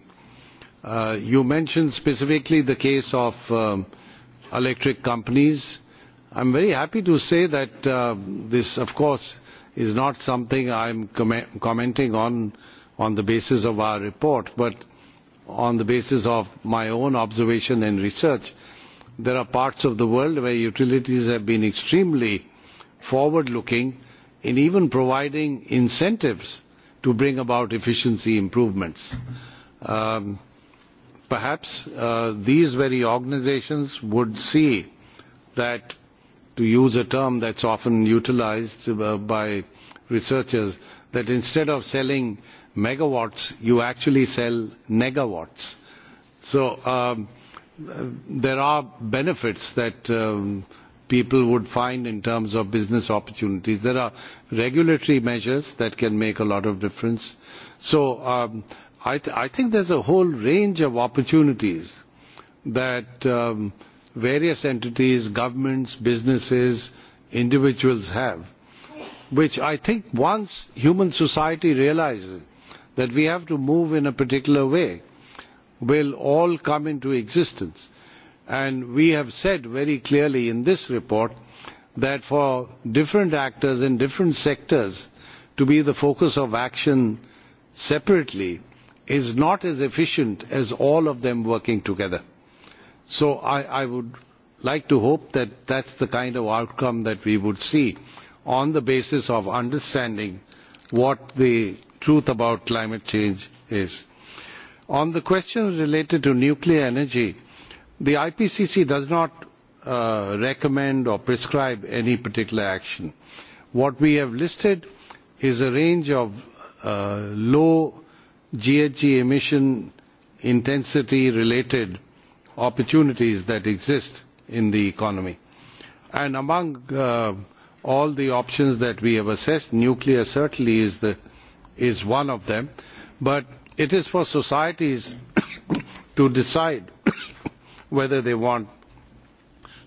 You mentioned specifically the case of electric companies. I'm very happy to say that this, of course, is not something I'm commenting on on the basis of our report, but on the basis of my own observation and research there are parts of the world where utilities have been extremely forward looking in even providing incentives to bring about efficiency improvements. Perhaps these very organisations would see that, to use a term that's often utilised by researchers, that instead of selling megawatts, you actually sell negawatts. So there are benefits that people would find in terms of business opportunities. There are regulatory measures that can make a lot of difference. So I think there's a whole range of opportunities that various entities, governments, businesses, individuals have, which I think once human society realizes that we have to move in a particular way, will all come into existence. And we have said very clearly in this report that for different actors in different sectors to be the focus of action separately is not as efficient as all of them working together. So I would like to hope that that's the kind of outcome that we would see on the basis of understanding what the truth about climate change is. On the question related to nuclear energy, the IPCC does not recommend or prescribe any particular action. What we have listed is a range of low GHG emission intensity related opportunities that exist in the economy. And among all the options that we have assessed, nuclear certainly is one of them. But It is for societies to decide whether they want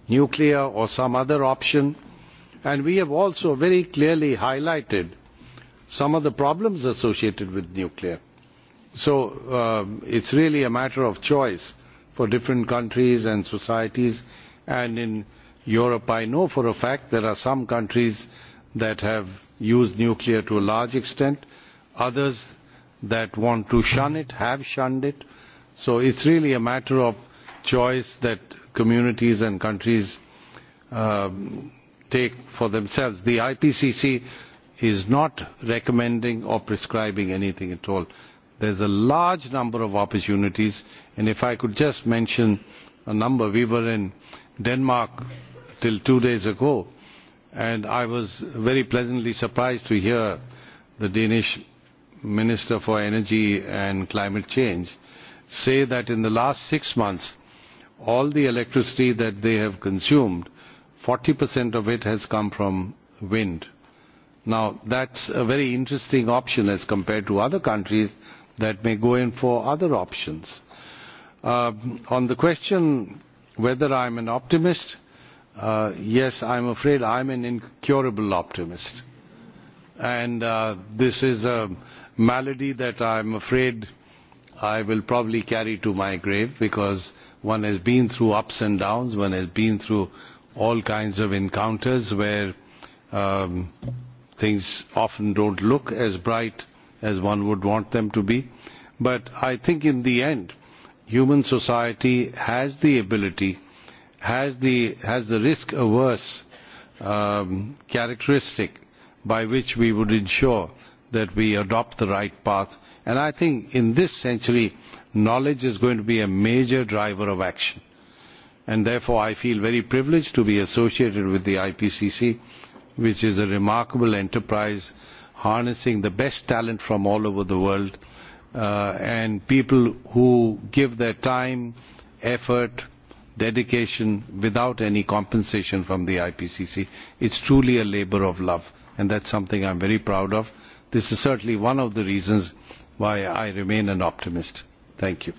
nuclear or some other option, and we have also very clearly highlighted some of the problems associated with nuclear. So it's really a matter of choice for different countries and societies, and in Europe I know for a fact there are some countries that have used nuclear to a large extent, others that want to shun it have shunned it. So it's really a matter of choice that communities and countries take for themselves. The IPCC is not recommending or prescribing anything at all. There's a large number of opportunities, and if I could just mention a number, we were in Denmark till two days ago, and I was very pleasantly surprised to hear the Danish Minister for Energy and Climate Change, say that in the last six months, all the electricity that they have consumed, 40% of it has come from wind. Now, that's a very interesting option as compared to other countries that may go in for other options. On the question whether I'm an optimist, yes, I'm afraid I'm an incurable optimist. And this is a malady that I am afraid I will probably carry to my grave because one has been through ups and downs, one has been through all kinds of encounters where things often don't look as bright as one would want them to be. But I think in the end, human society has the ability, has the risk-averse characteristic by which we would ensure that we adopt the right path. And I think in this century, knowledge is going to be a major driver of action. And therefore, I feel very privileged to be associated with the IPCC, which is a remarkable enterprise harnessing the best talent from all over the world and people who give their time, effort, dedication without any compensation from the IPCC. It's truly a labour of love, and that's something I'm very proud of this is certainly one of the reasons why I remain an optimist. Thank you.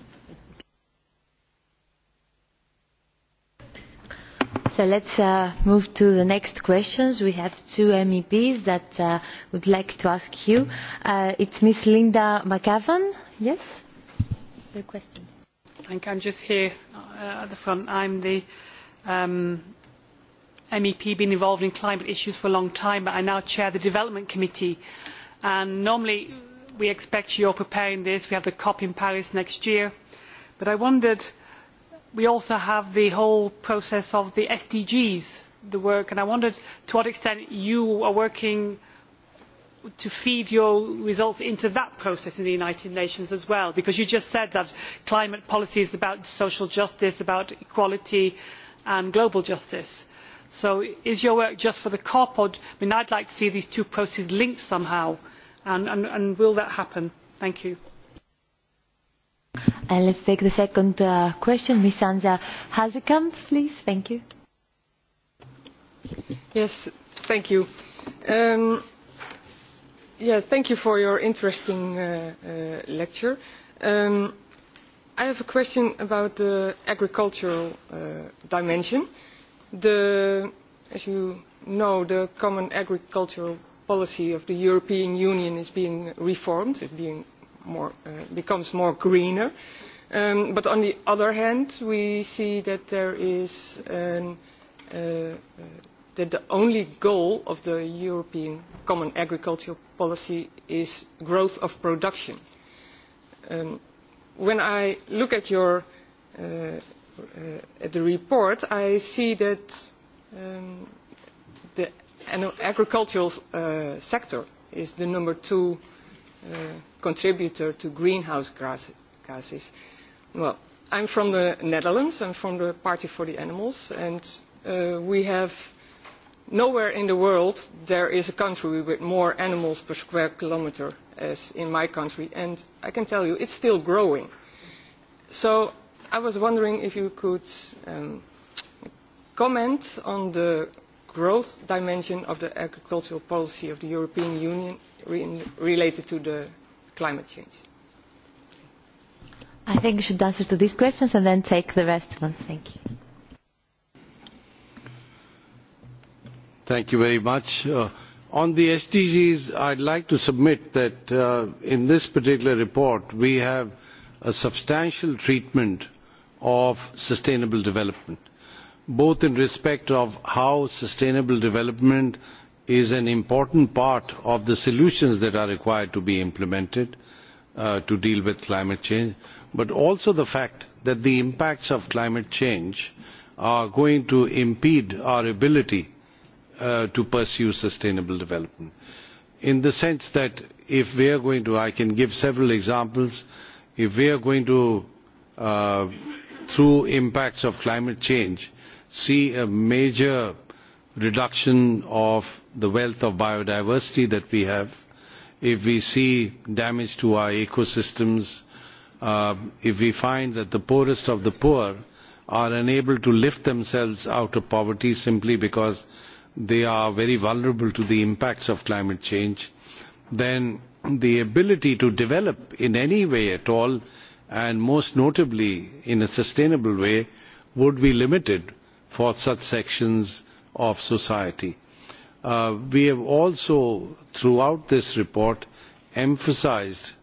So let's move to the next questions. We have two MEPs that would like to ask you. It's Miss Linda McAvan. Yes? Your question. Thank I'm just here at the front. I'm the MEP, been involved in climate issues for a long time, but I now chair the Development Committee and normally we expect you are preparing this we have the cop in paris next year but i wondered we also have the whole process of the sdgs the work and i wondered to what extent you are working to feed your results into that process in the united nations as well because you just said that climate policy is about social justice about equality and global justice. So is your work just for the COP? I mean, I'd like to see these two processes linked somehow. And will that happen? Thank you. Let's take the second question. Ms. Anza Hazekamp, please. Thank you. Yes, thank you. Yeah, Thank you for your interesting lecture. I have a question about the agricultural dimension as you know the common agricultural policy of the european union is being reformed it becomes more greener but on the other hand we see that there is that the only goal of the european common agricultural policy is growth of production. when i look at your at the report, I see that the agricultural sector is the number two contributor to greenhouse gases. Well, I'm from the Netherlands. and from the Party for the Animals, and we have nowhere in the world there is a country with more animals per square kilometer as in my country, and I can tell you it's still growing. So I was wondering if you could comment on the growth dimension of the agricultural policy of the European Union related to climate change. I think you should answer to these questions and then take the rest of them. Thank you. Thank you very much. On the SDGs, I'd like to submit that in this particular report we have a substantial treatment of sustainable development, both in respect of how sustainable development is an important part of the solutions that are required to be implemented to deal with climate change, but also the fact that the impacts of climate change are going to impede our ability to pursue sustainable development. In the sense that if we are going to, I can give several examples, if we are going to through impacts of climate change see a major reduction of the wealth of biodiversity that we have, if we see damage to our ecosystems, if we find that the poorest of the poor are unable to lift themselves out of poverty simply because they are very vulnerable to the impacts of climate change, then the ability to develop in any way at all and most notably in a sustainable way would be limited for such sections of society. We have also throughout this report emphasised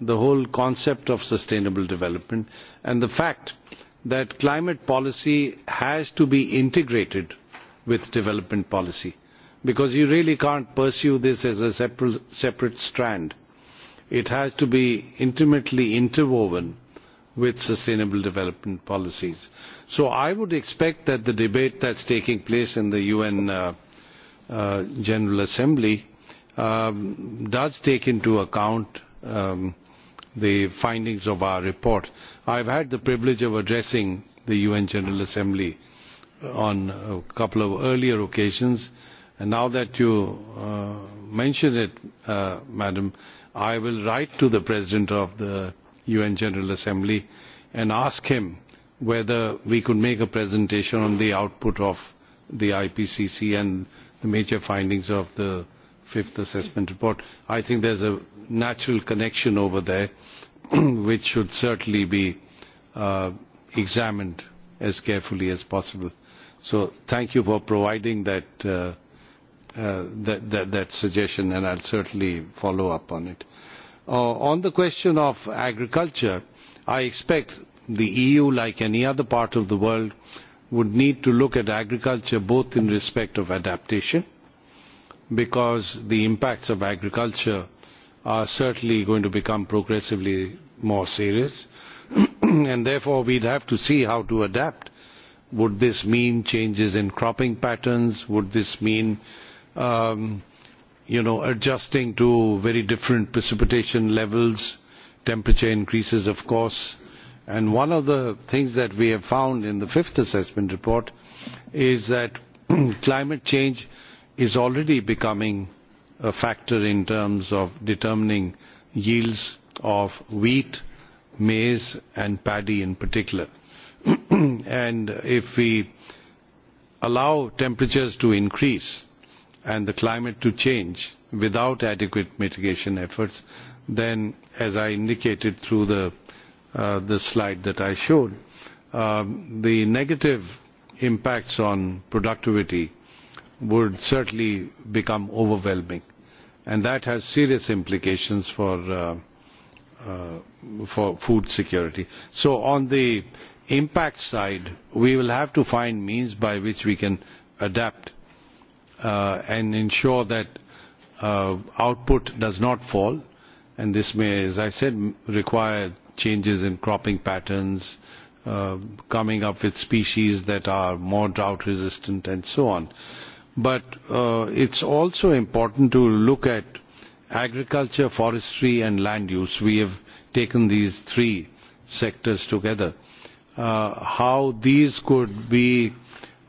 the whole concept of sustainable development and the fact that climate policy has to be integrated with development policy because you really can't pursue this as a separate strand it has to be intimately interwoven with sustainable development policies. So I would expect that the debate that is taking place in the UN General Assembly does take into account the findings of our report. I have had the privilege of addressing the UN General Assembly on a couple of earlier occasions, and now that you mention it, Madam, I will write to the President of the UN General Assembly and ask him whether we could make a presentation on the output of the IPCC and the major findings of the fifth assessment report. I think there is a natural connection over there which should certainly be examined as carefully as possible. So thank you for providing that that suggestion, and I'll certainly follow up on it. On the question of agriculture, I expect the EU, like any other part of the world, would need to look at agriculture both in respect of adaptation, because the impacts of agriculture are certainly going to become progressively more serious, and therefore we'd have to see how to adapt. Would this mean changes in cropping patterns? Would this mean you know, adjusting to very different precipitation levels, temperature increases, of course. And one of the things that we have found in the fifth assessment report is that climate change is already becoming a factor in terms of determining yields of wheat, maize and paddy in particular. And if we allow temperatures to increase, and the climate to change without adequate mitigation efforts, then, as I indicated through the slide that I showed, the negative impacts on productivity would certainly become overwhelming. And that has serious implications for food security. So on the impact side, we will have to find means by which we can adapt and ensure that output does not fall. And this may, as I said, require changes in cropping patterns, coming up with species that are more drought resistant and so on. But it's also important to look at agriculture, forestry and land use. We have taken these three sectors together. How these could be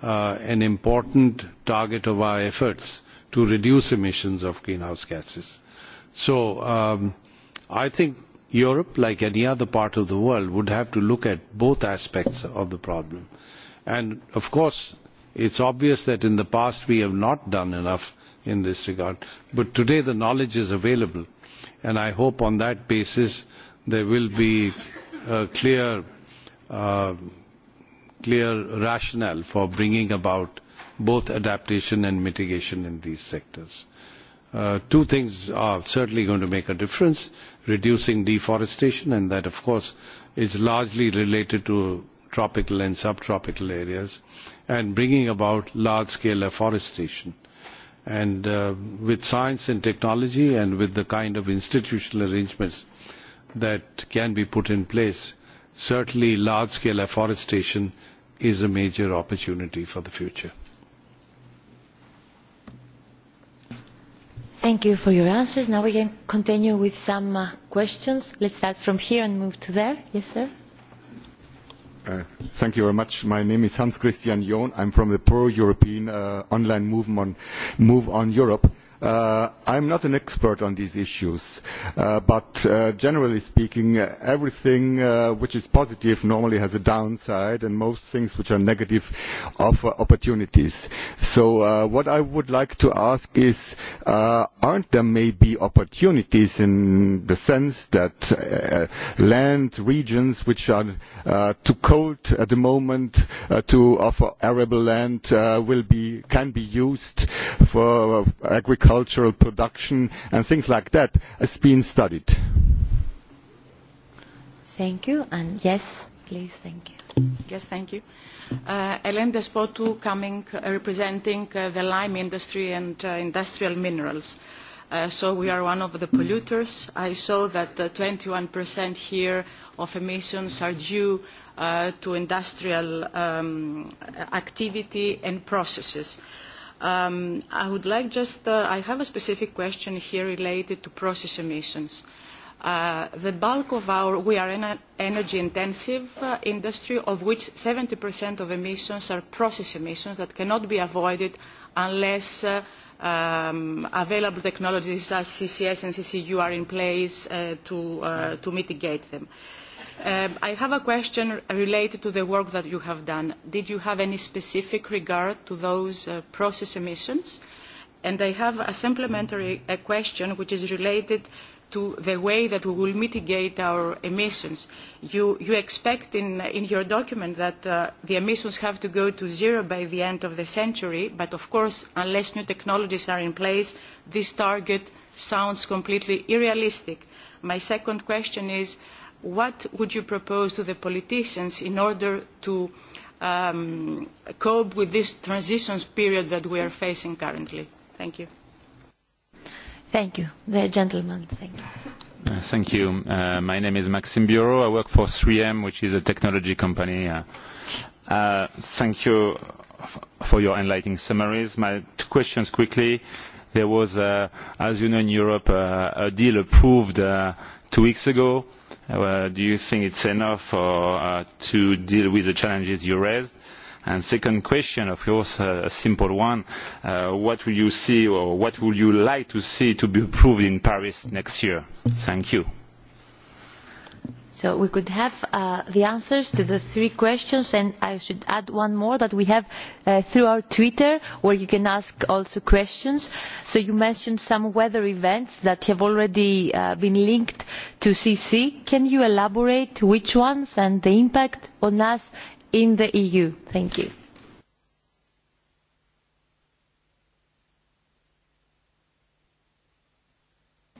an important target of our efforts to reduce emissions of greenhouse gases. So I think Europe, like any other part of the world, would have to look at both aspects of the problem. And, of course, it's obvious that in the past we have not done enough in this regard. But today the knowledge is available. And I hope on that basis there will be a clear clear rationale for bringing about both adaptation and mitigation in these sectors. Two things are certainly going to make a difference, reducing deforestation, and that, of course, is largely related to tropical and subtropical areas, and bringing about large-scale afforestation. And with science and technology and with the kind of institutional arrangements that can be put in place, certainly large scale afforestation is a major opportunity for the future. Thank you for your answers. Now we can continue with some questions. Let's start from here and move to there. Yes, sir. Thank you very much. My name is Hans Christian Jon. I'm from the pro-European online movement Move on Europe I am not an expert on these issues, but generally speaking, everything which is positive normally has a downside, and most things which are negative offer opportunities. So what I would like to ask is, aren't there maybe opportunities in the sense that land regions which are too cold at the moment to offer arable land can be used for agriculture agricultural production and things like that has been studied. Thank you. And yes, please, thank you. Yes, thank you. Uh, Elena coming, representing the lime industry and industrial minerals. so we are one of the polluters. I saw that 21% here of emissions are due to industrial activity and processes I would like just, I have a specific question here related to process emissions. The bulk of our, we are an energy-intensive industry of which 70% of emissions are process emissions that cannot be avoided unless available technologies as CCS and CCU are in place to mitigate them. I have a question related to the work that you have done. Did you have any specific regard to those process emissions? And I have a supplementary question which is related to the way that we will mitigate our emissions. You expect in your document that the emissions have to go to zero by the end of the century, but of course, unless new technologies are in place, this target sounds completely unrealistic. My second question is what would you propose to the politicians in order to cope with this transition period that we are facing currently? Thank you. Thank you. The gentleman, thank you. Thank you. My name is Maxim Bureau. I work for 3M, which is a technology company. Thank you for your enlightening summaries. My two questions quickly. There was, as you know, in Europe, a deal approved two weeks ago Do you think it's enough to deal with the challenges you raised? And second question, of course, a simple one. What will you see or what would you like to see to be approved in Paris next year? Thank you. So we could have the answers to the three questions, and I should add one more that we have through our Twitter, where you can ask also questions. So you mentioned some weather events that have already been linked to CC. Can you elaborate which ones and the impact on us in the EU? Thank you.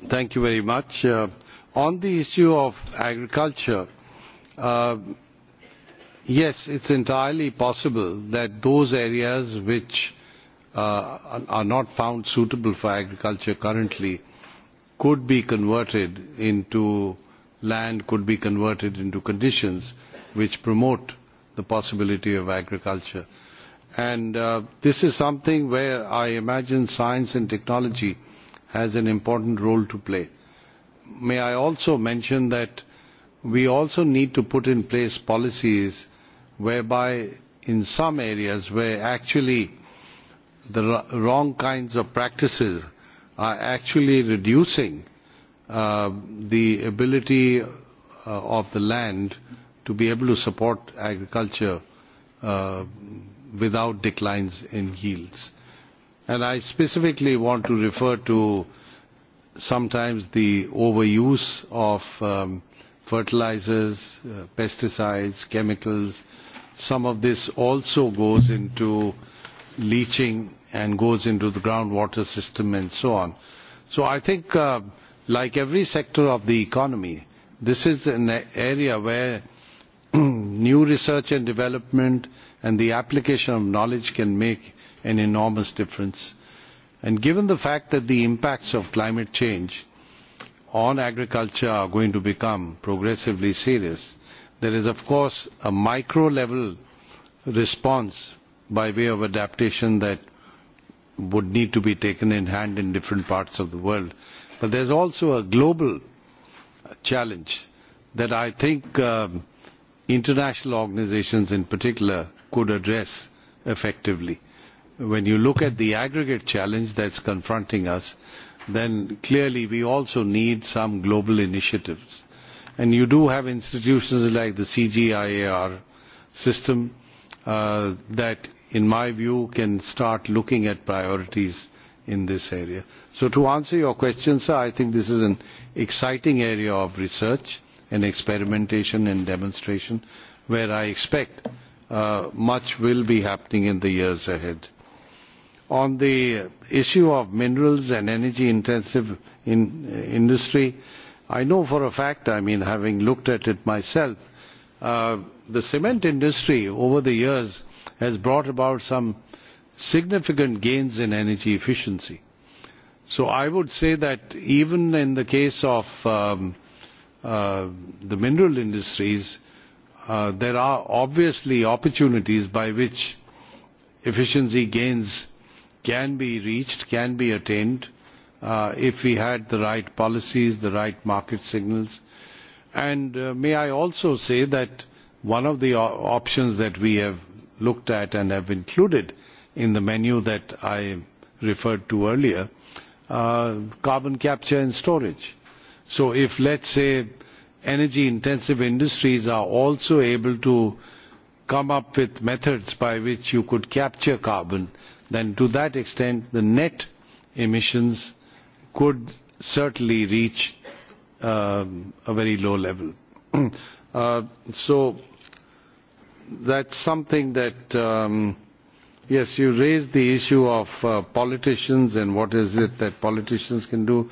Thank you very much on the issue of agriculture yes it's entirely possible that those areas which are not found suitable for agriculture currently could be converted into land could be converted into conditions which promote the possibility of agriculture and this is something where i imagine science and technology has an important role to play may I also mention that we also need to put in place policies whereby in some areas where actually the wrong kinds of practices are actually reducing the ability of the land to be able to support agriculture without declines in yields. And I specifically want to refer to sometimes the overuse of fertilizers, pesticides, chemicals, some of this also goes into leaching and goes into the groundwater system and so on. So I think, like every sector of the economy, this is an area where new research and development and the application of knowledge can make an enormous difference given the fact that the impacts of climate change on agriculture are going to become progressively serious, there is of course a micro level response by way of adaptation that would need to be taken in hand in different parts of the world. But there is also a global challenge that I think international organisations in particular could address effectively when you look at the aggregate challenge that's confronting us, then clearly we also need some global initiatives. And you do have institutions like the CGIAR system that, in my view, can start looking at priorities in this area. So to answer your question, sir, I think this is an exciting area of research and experimentation and demonstration where I expect much will be happening in the years ahead on the issue of minerals and energy intensive industry i know for a fact i mean having looked at it myself the cement industry over the years has brought about some significant gains in energy efficiency so i would say that even in the case of the mineral industries there are obviously opportunities by which efficiency gains can be reached, can be attained if we had the right policies, the right market signals. And may I also say that one of the options that we have looked at and have included in the menu that I referred to earlier, carbon capture and storage. So if, let's say, energy-intensive industries are also able to come up with methods by which you could capture carbon, then to that extent the net emissions could certainly reach a very low level. So that's something that, yes, you raised the issue of politicians and what is it that politicians can do.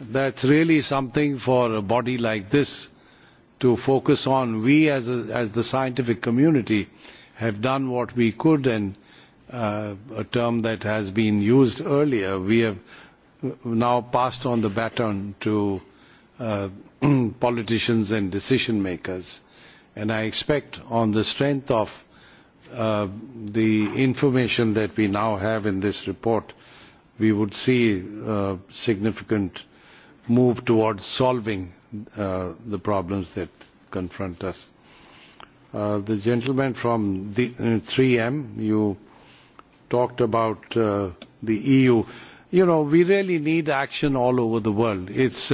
That's really something for a body like this to focus on. We as the scientific community have done what we could and a term that has been used earlier. We have now passed on the baton to politicians and decision makers. And I expect on the strength of the information that we now have in this report, we would see a significant move towards solving the problems that confront us. The gentleman from the 3M, you talked about the EU. You know, we really need action all over the world. It's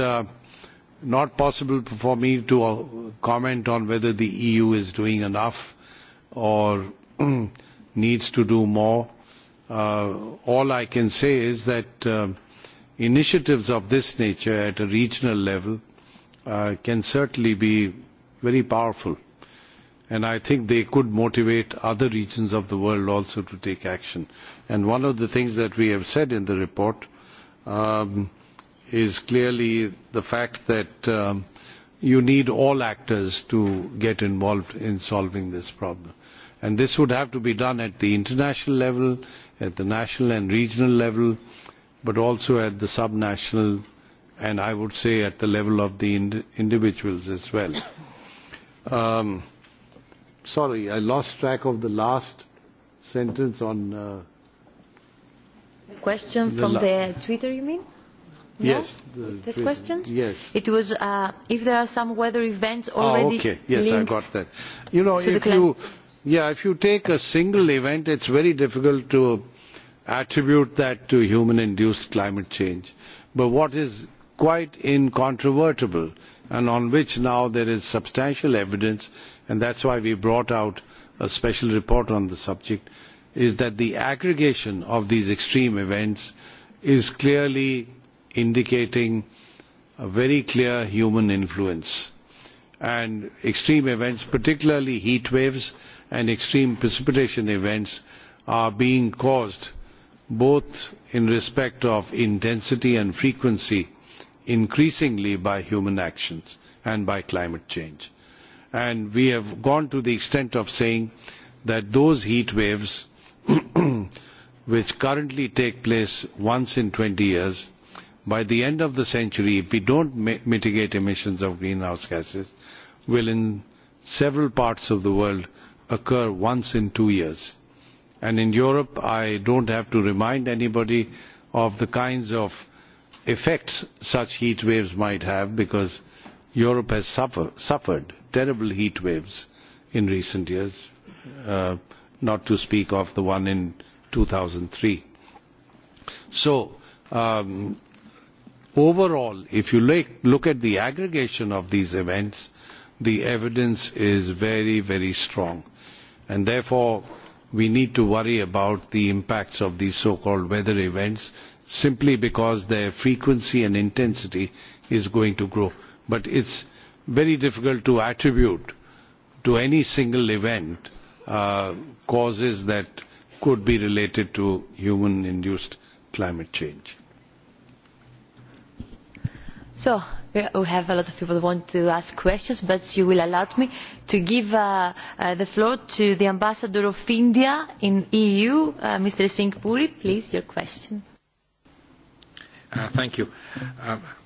not possible for me to comment on whether the EU is doing enough or needs to do more. All I can say is that initiatives of this nature at a regional level can certainly be very powerful and I think they could motivate other regions of the world also to take action. And one of the things that we have said in the report is clearly the fact that you need all actors to get involved in solving this problem. And this would have to be done at the international level, at the national and regional level, but also at the subnational and I would say at the level of the individuals as well. Sorry, I lost track of the last sentence on. Question from the Twitter, you mean? Yes. The questions? Yes. It was if there are some weather events already. Okay. Yes, I got that. You know, if you, yeah, if you take a single event, it's very difficult to attribute that to human-induced climate change. But what is quite incontrovertible and on which now there is substantial evidence and is why we brought out a special report on the subject, is that the aggregation of these extreme events is clearly indicating a very clear human influence. And extreme events, particularly heat waves and extreme precipitation events, are being caused both in respect of intensity and frequency increasingly by human actions and by climate change and we have gone to the extent of saying that those heat waves which currently take place once in 20 years by the end of the century if we don't mitigate emissions of greenhouse gases will in several parts of the world occur once in two years and in Europe I don't have to remind anybody of the kinds of effects such heat waves might have because Europe has suffered terrible heat waves in recent years, not to speak of the one in 2003. So overall, if you look at the aggregation of these events, the evidence is very, very strong. And therefore, we need to worry about the impacts of these so-called weather events simply because their frequency and intensity is going to grow. But it's very difficult to attribute to any single event causes that could be related to human induced climate change. So we have a lot of people who want to ask questions, but you will allow me to give the floor to the Ambassador of India in EU, Mr. Singh Puri. Please, your question. Thank you.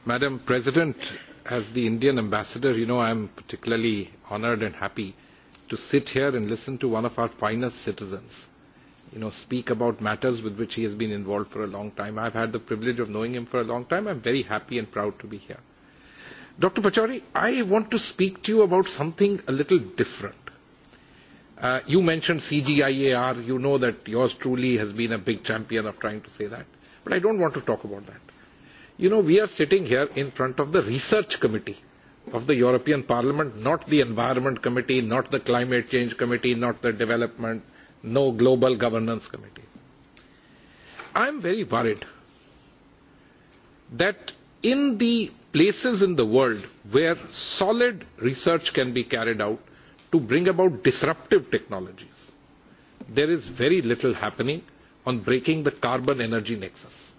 Madam President, as the Indian ambassador, you know, I am particularly honoured and happy to sit here and listen to one of our finest citizens, you know, speak about matters with which he has been involved for a long time. I have had the privilege of knowing him for a long time. I am very happy and proud to be here. Dr. Pachauri, I want to speak to you about something a little different. You mentioned CGIAR. You know that yours truly has been a big champion of trying to say that. But I don't want to talk about that you know we are sitting here in front of the research committee of the European Parliament, not the Environment Committee, not the Climate Change Committee, not the Development, no Global Governance Committee. I am very worried that in the places in the world where solid research can be carried out to bring about disruptive technologies, there is very little happening on breaking the carbon energy nexus.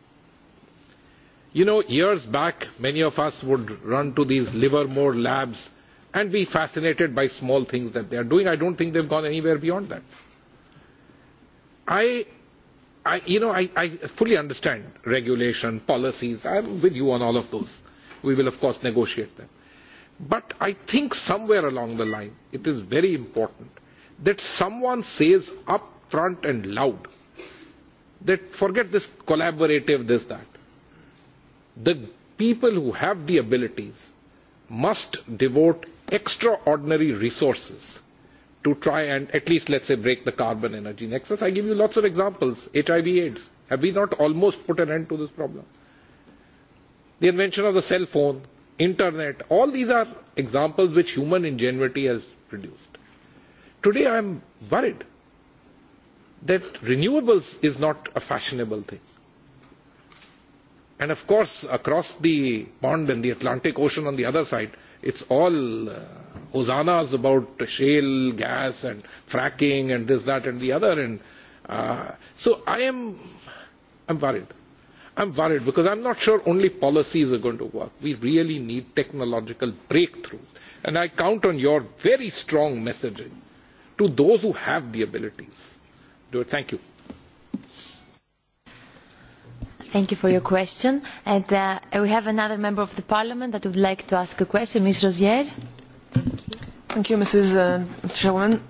You know, years back, many of us would run to these Livermore labs and be fascinated by small things that they are doing. I don't think they've gone anywhere beyond that. I, you know, I fully understand regulation, policies. I'm with you on all of those. We will, of course, negotiate them. But I think somewhere along the line, it is very important that someone says up front and loud that forget this collaborative, this, that the people who have the abilities must devote extraordinary resources to try and at least let's say break the carbon energy nexus. I give you lots of examples. HIV AIDS. Have we not almost put an end to this problem? The invention of the cell phone, internet, all these are examples which human ingenuity has produced. Today I am worried that renewables is not a fashionable thing and of course across the pond and the atlantic ocean on the other side it's all hosannas about shale gas and fracking and this that and the other and so i am i'm worried i'm worried because i'm not sure only policies are going to work we really need technological breakthrough and i count on your very strong messaging to those who have the abilities Do thank you Thank you for your question. And we have another member of the Parliament that would like to ask a question. Ms. Rosier. Thank you, Mrs. Chairman.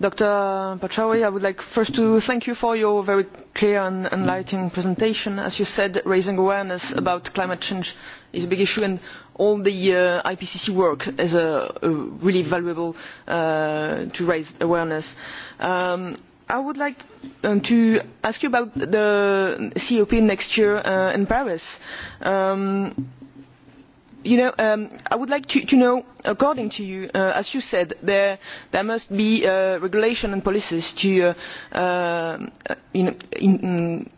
Dr. Pachauri, I would like first to thank you for your very clear and enlightening presentation. As you said, raising awareness about climate change is a big issue and all the IPCC work is really valuable to raise awareness. I would like to ask you about the COP next year in Paris. You know, I would like to know, according to you, as you said, there must be regulation and policies to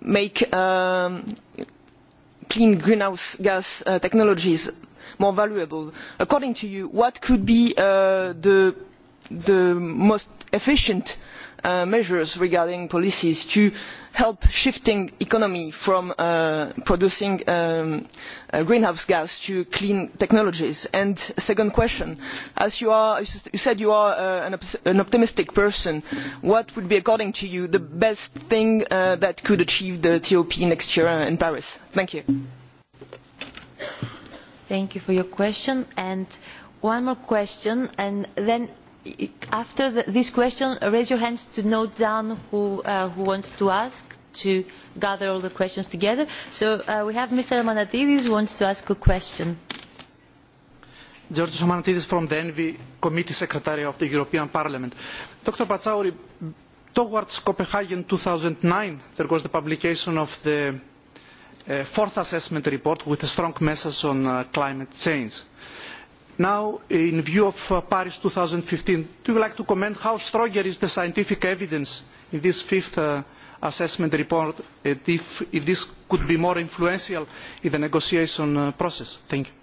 make clean greenhouse gas technologies more valuable. According to you, what could be the most efficient measures regarding policies to help shifting the economy from producing greenhouse gas to clean technologies? and second question as you said you are an optimistic person what would be according to you the best thing that could achieve the top next year in paris? thank you. thank you for your question and one more question and then After this question, raise your hands to note down who wants to ask, to gather all the questions together. So we have Mr. Manatidis who wants to ask a question. George Manatidis from the Envy Committee Secretary of the European Parliament. Dr. Patsauri, towards Copenhagen 2009, there was the publication of the fourth assessment report with a strong message on climate change Now, in view of Paris 2015, do you like to comment how stronger is the scientific evidence in this fifth assessment report, and if this could be more influential in the negotiation process? Thank you.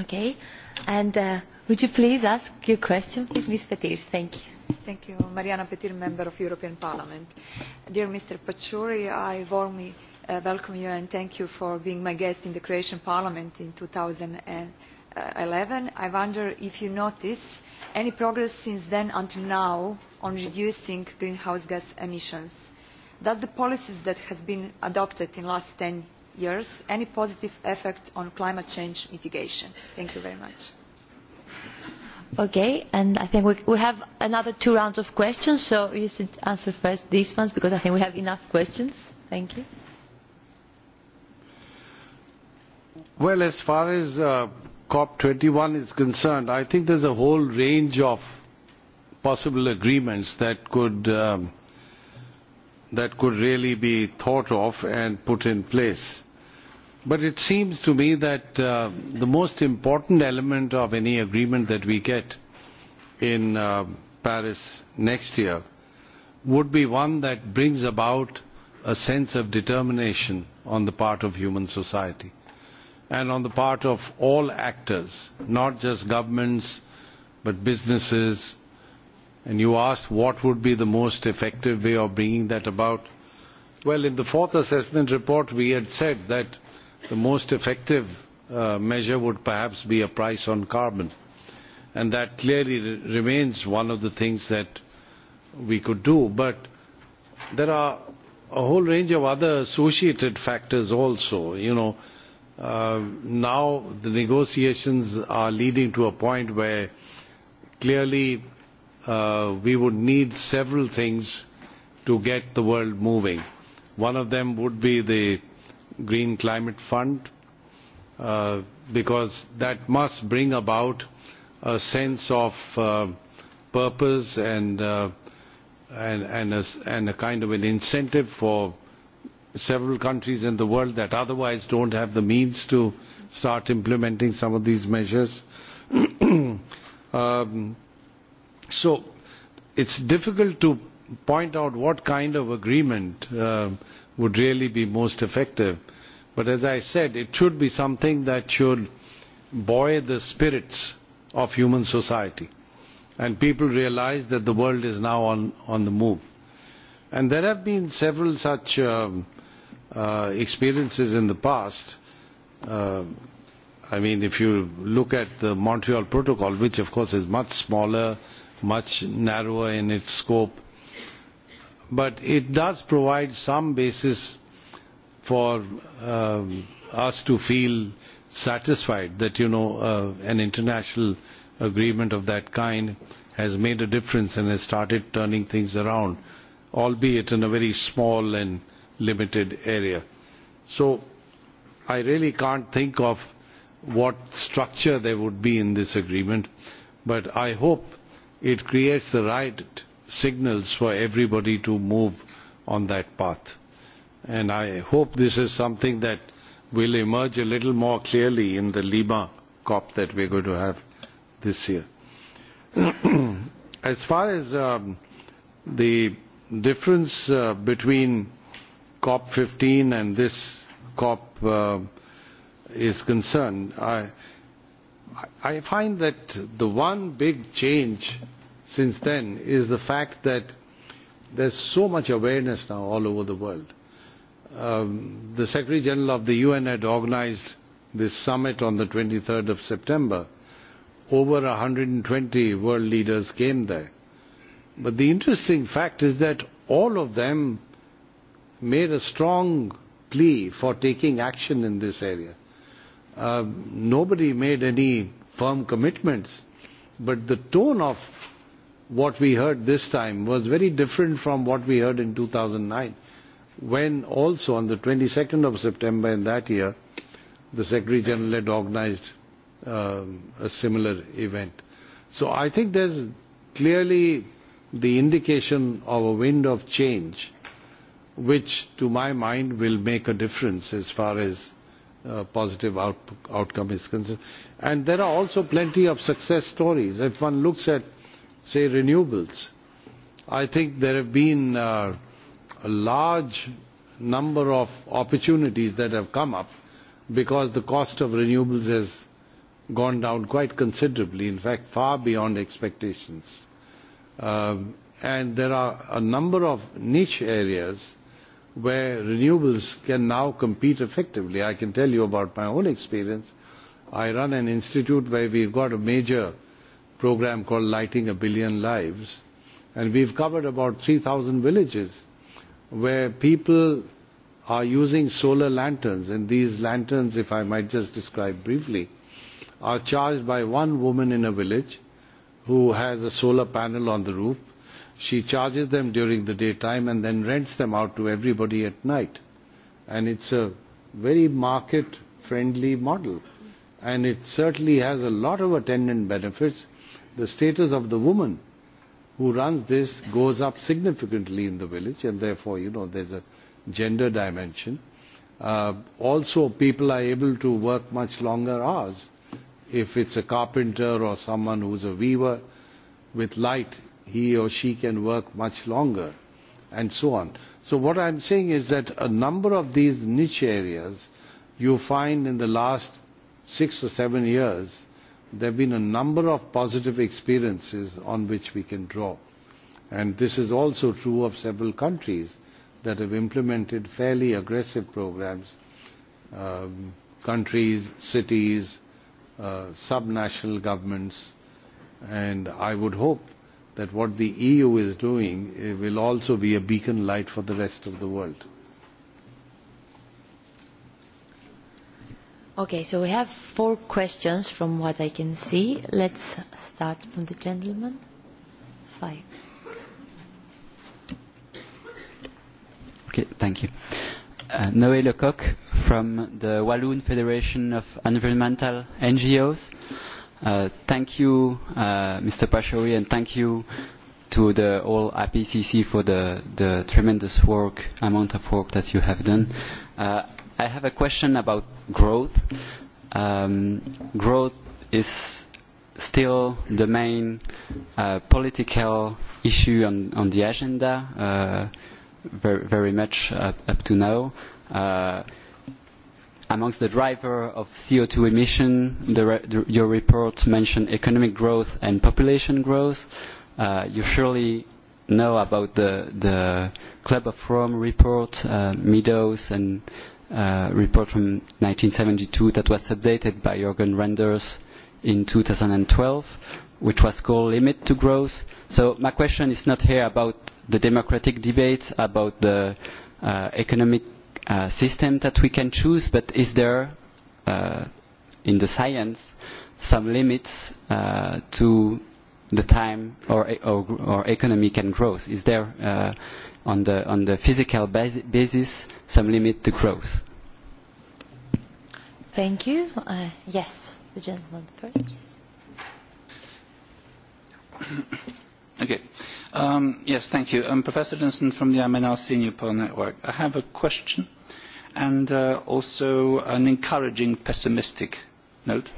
Okay, and would you please ask your question, please, Ms. Petir? Thank you. Thank you. Mariana Petir, Member of European Parliament. Dear Mr. Pachuri, I warmly welcome you and thank you for being my guest in the Croatian Parliament in 2011. I wonder if you notice any progress since then until now on reducing greenhouse gas emissions. Does the policies that have been adopted in the last 10 years any positive effect on climate change mitigation? Thank you very much. Okay, and I think we we have another two rounds of questions, so you should answer first these ones because I think we have enough questions. Thank you. Well, as far as COP21 is concerned, I think there's a whole range of possible agreements that could that could really be thought of and put in place. But it seems to me that the most important element of any agreement that we get in Paris next year would be one that brings about a sense of determination on the part of human society and on the part of all actors, not just governments but businesses. And you asked what would be the most effective way of bringing that about. Well, in the fourth assessment report we had said that the most effective measure would perhaps be a price on carbon. And that clearly remains one of the things that we could do. But there are a whole range of other associated factors also. You know, now the negotiations are leading to a point where clearly we would need several things to get the world moving. One of them would be the Green Climate Fund because that must bring about a sense of purpose and and a kind of an incentive for several countries in the world that otherwise don't have the means to start implementing some of these measures. So it's difficult to point out what kind of agreement would really be most effective. But as I said, it should be something that should buoy the spirits of human society. And people realize that the world is now on the move. And there have been several such experiences in the past. I mean, if you look at the Montreal Protocol, which of course is much smaller, much narrower in its scope, but it does provide some basis for us to feel satisfied that you know an international agreement of that kind has made a difference and has started turning things around albeit in a very small and limited area so i really can't think of what structure there would be in this agreement but i hope it creates the right signals for everybody to move on that path. And I hope this is something that will emerge a little more clearly in the Lima COP that we're going to have this year. As far as the difference between COP15 and this COP is concerned, I find that the one big change since then is the fact that there's so much awareness now all over the world. The Secretary General of the UN had organized this summit on the 23rd of September. Over 120 world leaders came there. But the interesting fact is that all of them made a strong plea for taking action in this area. Nobody made any firm commitments, but the tone of what we heard this time was very different from what we heard in 2009 when also on the 22nd of September in that year the Secretary General had organized a similar event. So I think there's clearly the indication of a wind of change which to my mind will make a difference as far as positive outcome is concerned. And there are also plenty of success stories. If one looks at say, renewables. I think there have been a large number of opportunities that have come up because the cost of renewables has gone down quite considerably, in fact, far beyond expectations. And there are a number of niche areas where renewables can now compete effectively. I can tell you about my own experience. I run an institute where we've got a major program called Lighting a Billion Lives. And we've covered about 3,000 villages where people are using solar lanterns. And these lanterns, if I might just describe briefly, are charged by one woman in a village who has a solar panel on the roof. She charges them during the daytime and then rents them out to everybody at night. And it's a very market-friendly model. And it certainly has a lot of attendant benefits the status of the woman who runs this goes up significantly in the village and therefore you know there's a gender dimension also people are able to work much longer hours if it's a carpenter or someone who's a weaver with light he or she can work much longer and so on so what i'm saying is that a number of these niche areas you find in the last six or seven years there have been a number of positive experiences on which we can draw. And this is also true of several countries that have implemented fairly aggressive programmes, countries, cities, subnational governments, and I would hope that what the EU is doing will also be a beacon light for the rest of the world. Okay, so we have four questions from what I can see. Let's start from the gentleman. Five. Okay, thank you. Noé Lecoq from the Walloon Federation of Environmental NGOs. Thank you, Mr. Pashori, and thank you to the all IPCC for the tremendous work, amount of work that you have done. I have a question about growth. Growth is still the main political issue on the agenda, very much up to now. Amongst the driver of CO2 emission, your report mentioned economic growth and population growth. You surely know about the Club of Rome report, Meadows and report from 1972 that was updated by Jorgen Renders in 2012, which was called Limit to Growth. So my question is not here about the democratic debate, about the economic system that we can choose, but is there in the science some limits to the time or economy can growth? Is there on the physical basis some limit to growth. Thank you. Yes, the gentleman first. Okay. Yes, thank you. I'm Professor Linson from the Senior Poll Network. I have a question and also an encouraging pessimistic note.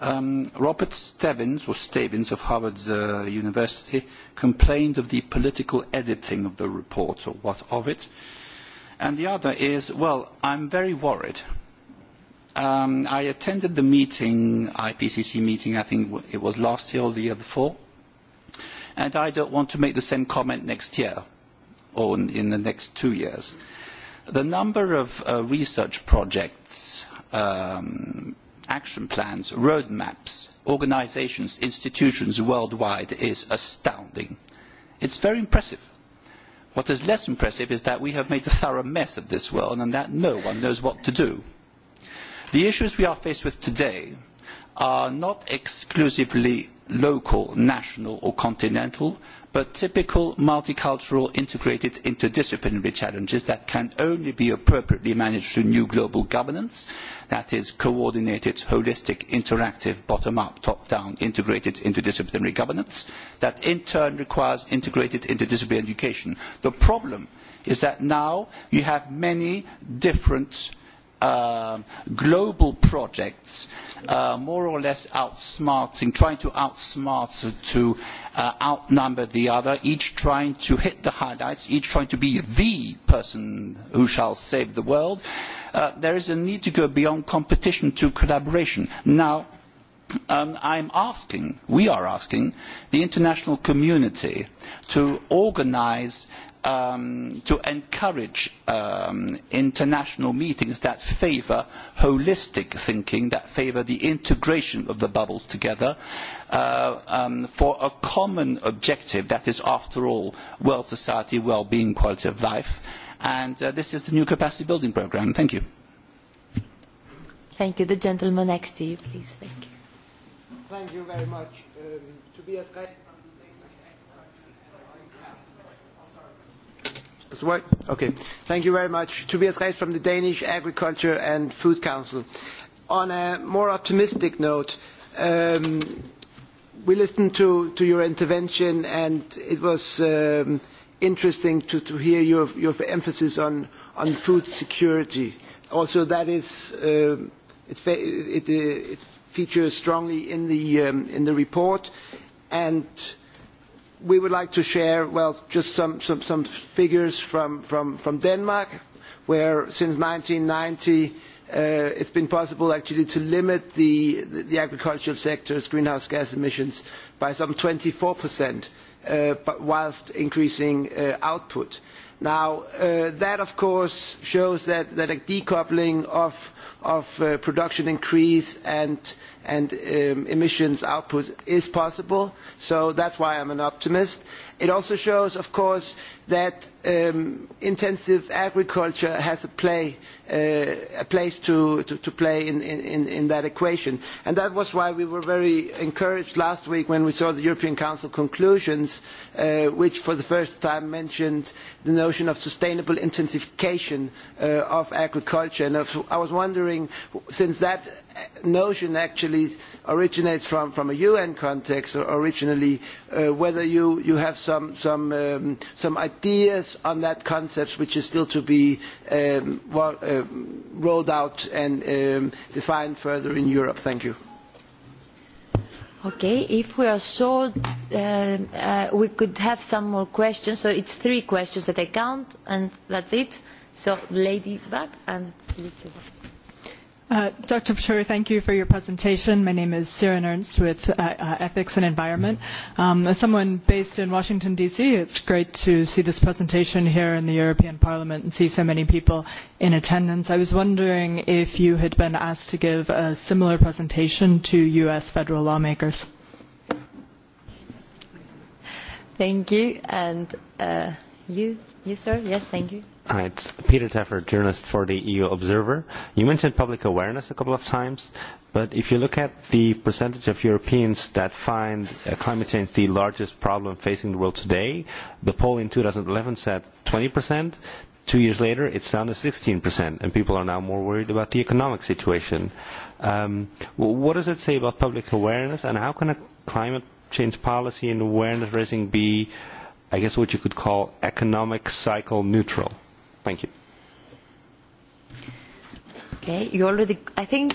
Robert Stevens, or Stevens of Harvard University, complained of the political editing of the report, or what of it. And the other is, well, I'm very worried. I attended the meeting, IPCC meeting, I think it was last year or the year before, and I don't want to make the same comment next year or in the next two years. The number of research projects action plans, roadmaps, organisations, institutions worldwide is astounding. It's very impressive. What is less impressive is that we have made a thorough mess of this world and that no one knows what to do. The issues we are faced with today are not exclusively local, national or continental, but typical multicultural integrated interdisciplinary challenges that can only be appropriately managed through new global governance that is coordinated holistic interactive bottom up top down integrated interdisciplinary governance that in turn requires integrated interdisciplinary education. the problem is that now you have many different global projects more or less outsmarting trying to outsmart to outnumber the other each trying to hit the highlights each trying to be the person who shall save the world there is a need to go beyond competition to collaboration. now i am asking we are asking the international community to organise to encourage international meetings that favour holistic thinking, that favour the integration of the bubbles together for a common objective that is, after all, world society, well-being, quality of life. And this is the new capacity building programme. Thank you. Thank you. The gentleman next to you, please. Thank you. Thank you very much. Thank you very much. Tobias Reis from the Danish Agriculture and Food Council. On a more optimistic note, we listened to your intervention and it was interesting to hear your emphasis on food security. Also, that is, it features strongly in the report and we would like to share well just some some some figures from from from denmark where since 1990 it's been possible actually to limit the the agricultural sector's greenhouse gas emissions by some 24% whilst increasing output now that of course shows that that a decoupling of of production increase and emissions output is possible. So that's why I'm an optimist. It also shows, of course, that intensive agriculture has a place to play in that equation. And that was why we were very encouraged last week when we saw the European Council conclusions, which for the first time mentioned the notion of sustainable intensification of agriculture. And I was wondering wondering, since that notion actually originates from a UN context originally, whether you have some ideas on that concept which is still to be rolled out and defined further in Europe. Thank you. Okay, if we are short, we could have some more questions. So it's three questions that I count, and that's it. So lady back and little Dr. Pachuri, thank you for your presentation. My name is Siren Ernst with Ethics and Environment. As someone based in Washington, D.C., it's great to see this presentation here in the European Parliament and see so many people in attendance. I was wondering if you had been asked to give a similar presentation to U.S. federal lawmakers. Thank you. And you, you, sir? Yes, thank you. It's Peter Teffer, journalist for the EU Observer. You mentioned public awareness a couple of times, but if you look at the percentage of Europeans that find climate change the largest problem facing the world today, the poll in 2011 said 20%. Two years later, it's down to 16%, and people are now more worried about the economic situation. What does it say about public awareness, and how can a climate change policy and awareness raising be, I guess, what you could call economic cycle neutral? Thank you. Okay, you already. I think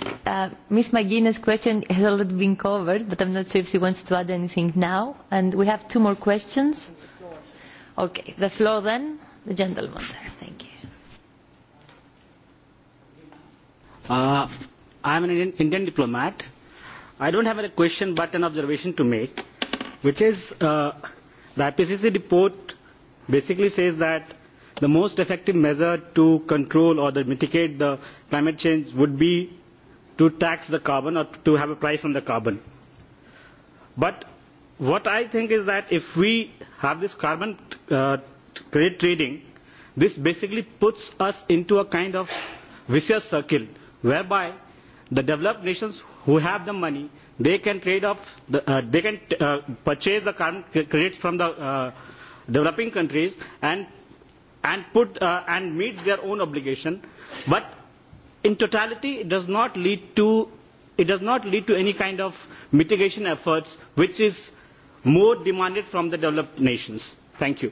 Ms. McGuinness' question has already been covered, but I'm not sure if she wants to add anything now. And we have two more questions. Okay, the floor then, the gentleman there. Thank you. I am an Indian diplomat. I don't have a question, but an observation to make, which is the IPCC report basically says that the most effective measure to control or mitigate the climate change would be to tax the carbon or to have a price on the carbon. But what I think is that if we have this carbon credit trading, this basically puts us into a kind of vicious circle whereby the developed nations who have the money, they can trade off, they can purchase the carbon credits from the developing countries and and put and meet their own obligation but in totality it does not lead to it does not lead to any kind of mitigation efforts which is more demanded from the developed nations thank you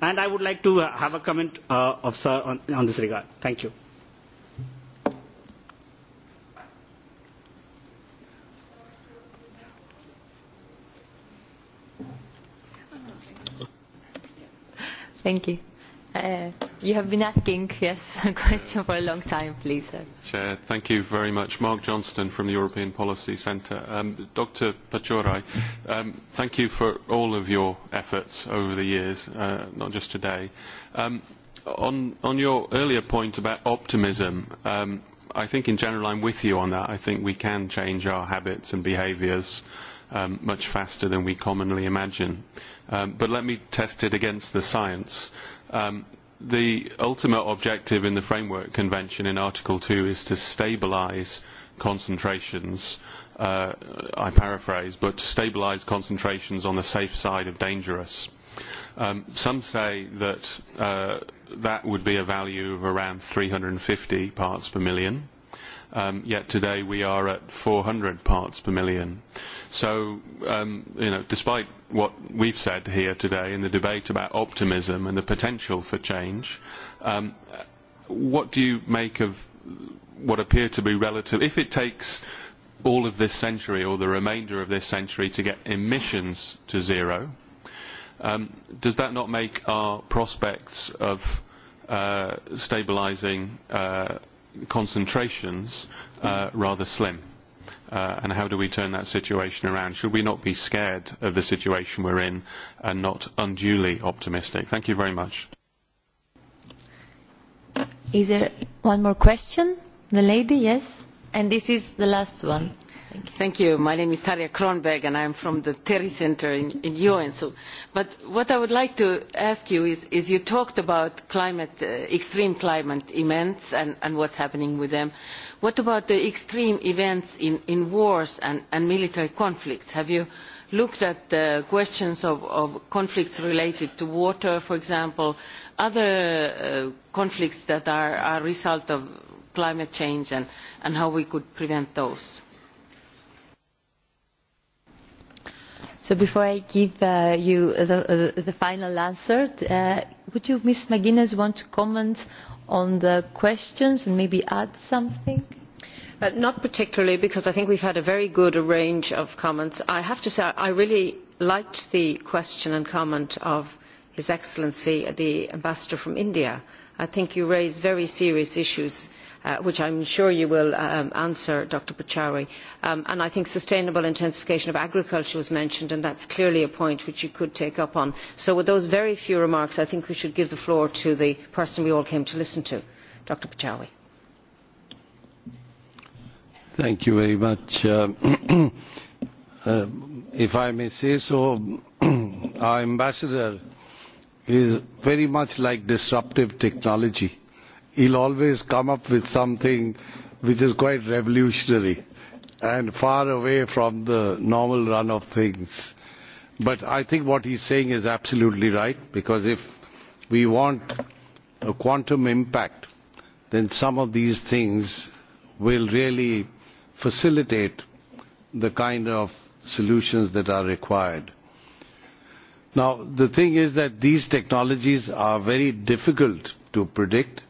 and i would like to have a comment of sir on this regard thank you thank you You have been asking, yes, a question for a long time, please. Chair, thank you very much. Mark Johnston from the European Policy Centre. Dr. Pachorai, thank you for all of your efforts over the years, not just today. On your earlier point about optimism, I think in general I'm with you on that. I think we can change our habits and behaviours much faster than we commonly imagine. But let me test it against the science The ultimate objective in the Framework Convention in Article 2 is to stabilise concentrations, I paraphrase, but to stabilise concentrations on the safe side of dangerous. Some say that that would be a value of around 350 parts per million, yet today we are at 400 parts per million. So, you know, despite what we've said here today in the debate about optimism and the potential for change, what do you make of what appear to be relative? If it takes all of this century or the remainder of this century to get emissions to zero, does that not make our prospects of stabilising concentrations rather slim? and how do we turn that situation around? Should we not be scared of the situation we're in and not unduly optimistic? Thank you very much. Is there one more question? The lady, yes. And this is the last one. Thank you. My name is Tarja Kronberg and I am from the Terry Center in Joensuu. But what I would like to ask you is you talked about extreme climate events and what's happening with them. What about the extreme events in wars and military conflicts? Have you looked at the questions of conflicts related to water, for example, other conflicts that are a result of climate change and how we could prevent those? So before I give you the final answer, would you, Ms. McGuinness, want to comment on the questions and maybe add something? Not particularly, because I think we've had a very good range of comments. I have to say I really liked the question and comment of His Excellency the Ambassador from India. I think you raise very serious issues which I am sure you will answer, Dr. Pachauri. And I think sustainable intensification of agriculture was mentioned, and that's clearly a point which you could take up on. So with those very few remarks, I think we should give the floor to the person we all came to listen to, Dr. Pachauri. Thank you very much. If I may say so, our ambassador is very much like disruptive technology he'll always come up with something which is quite revolutionary and far away from the normal run of things. But I think what he's saying is absolutely right, because if we want a quantum impact, then some of these things will really facilitate the kind of solutions that are required. Now, the thing is that these technologies are very difficult to predict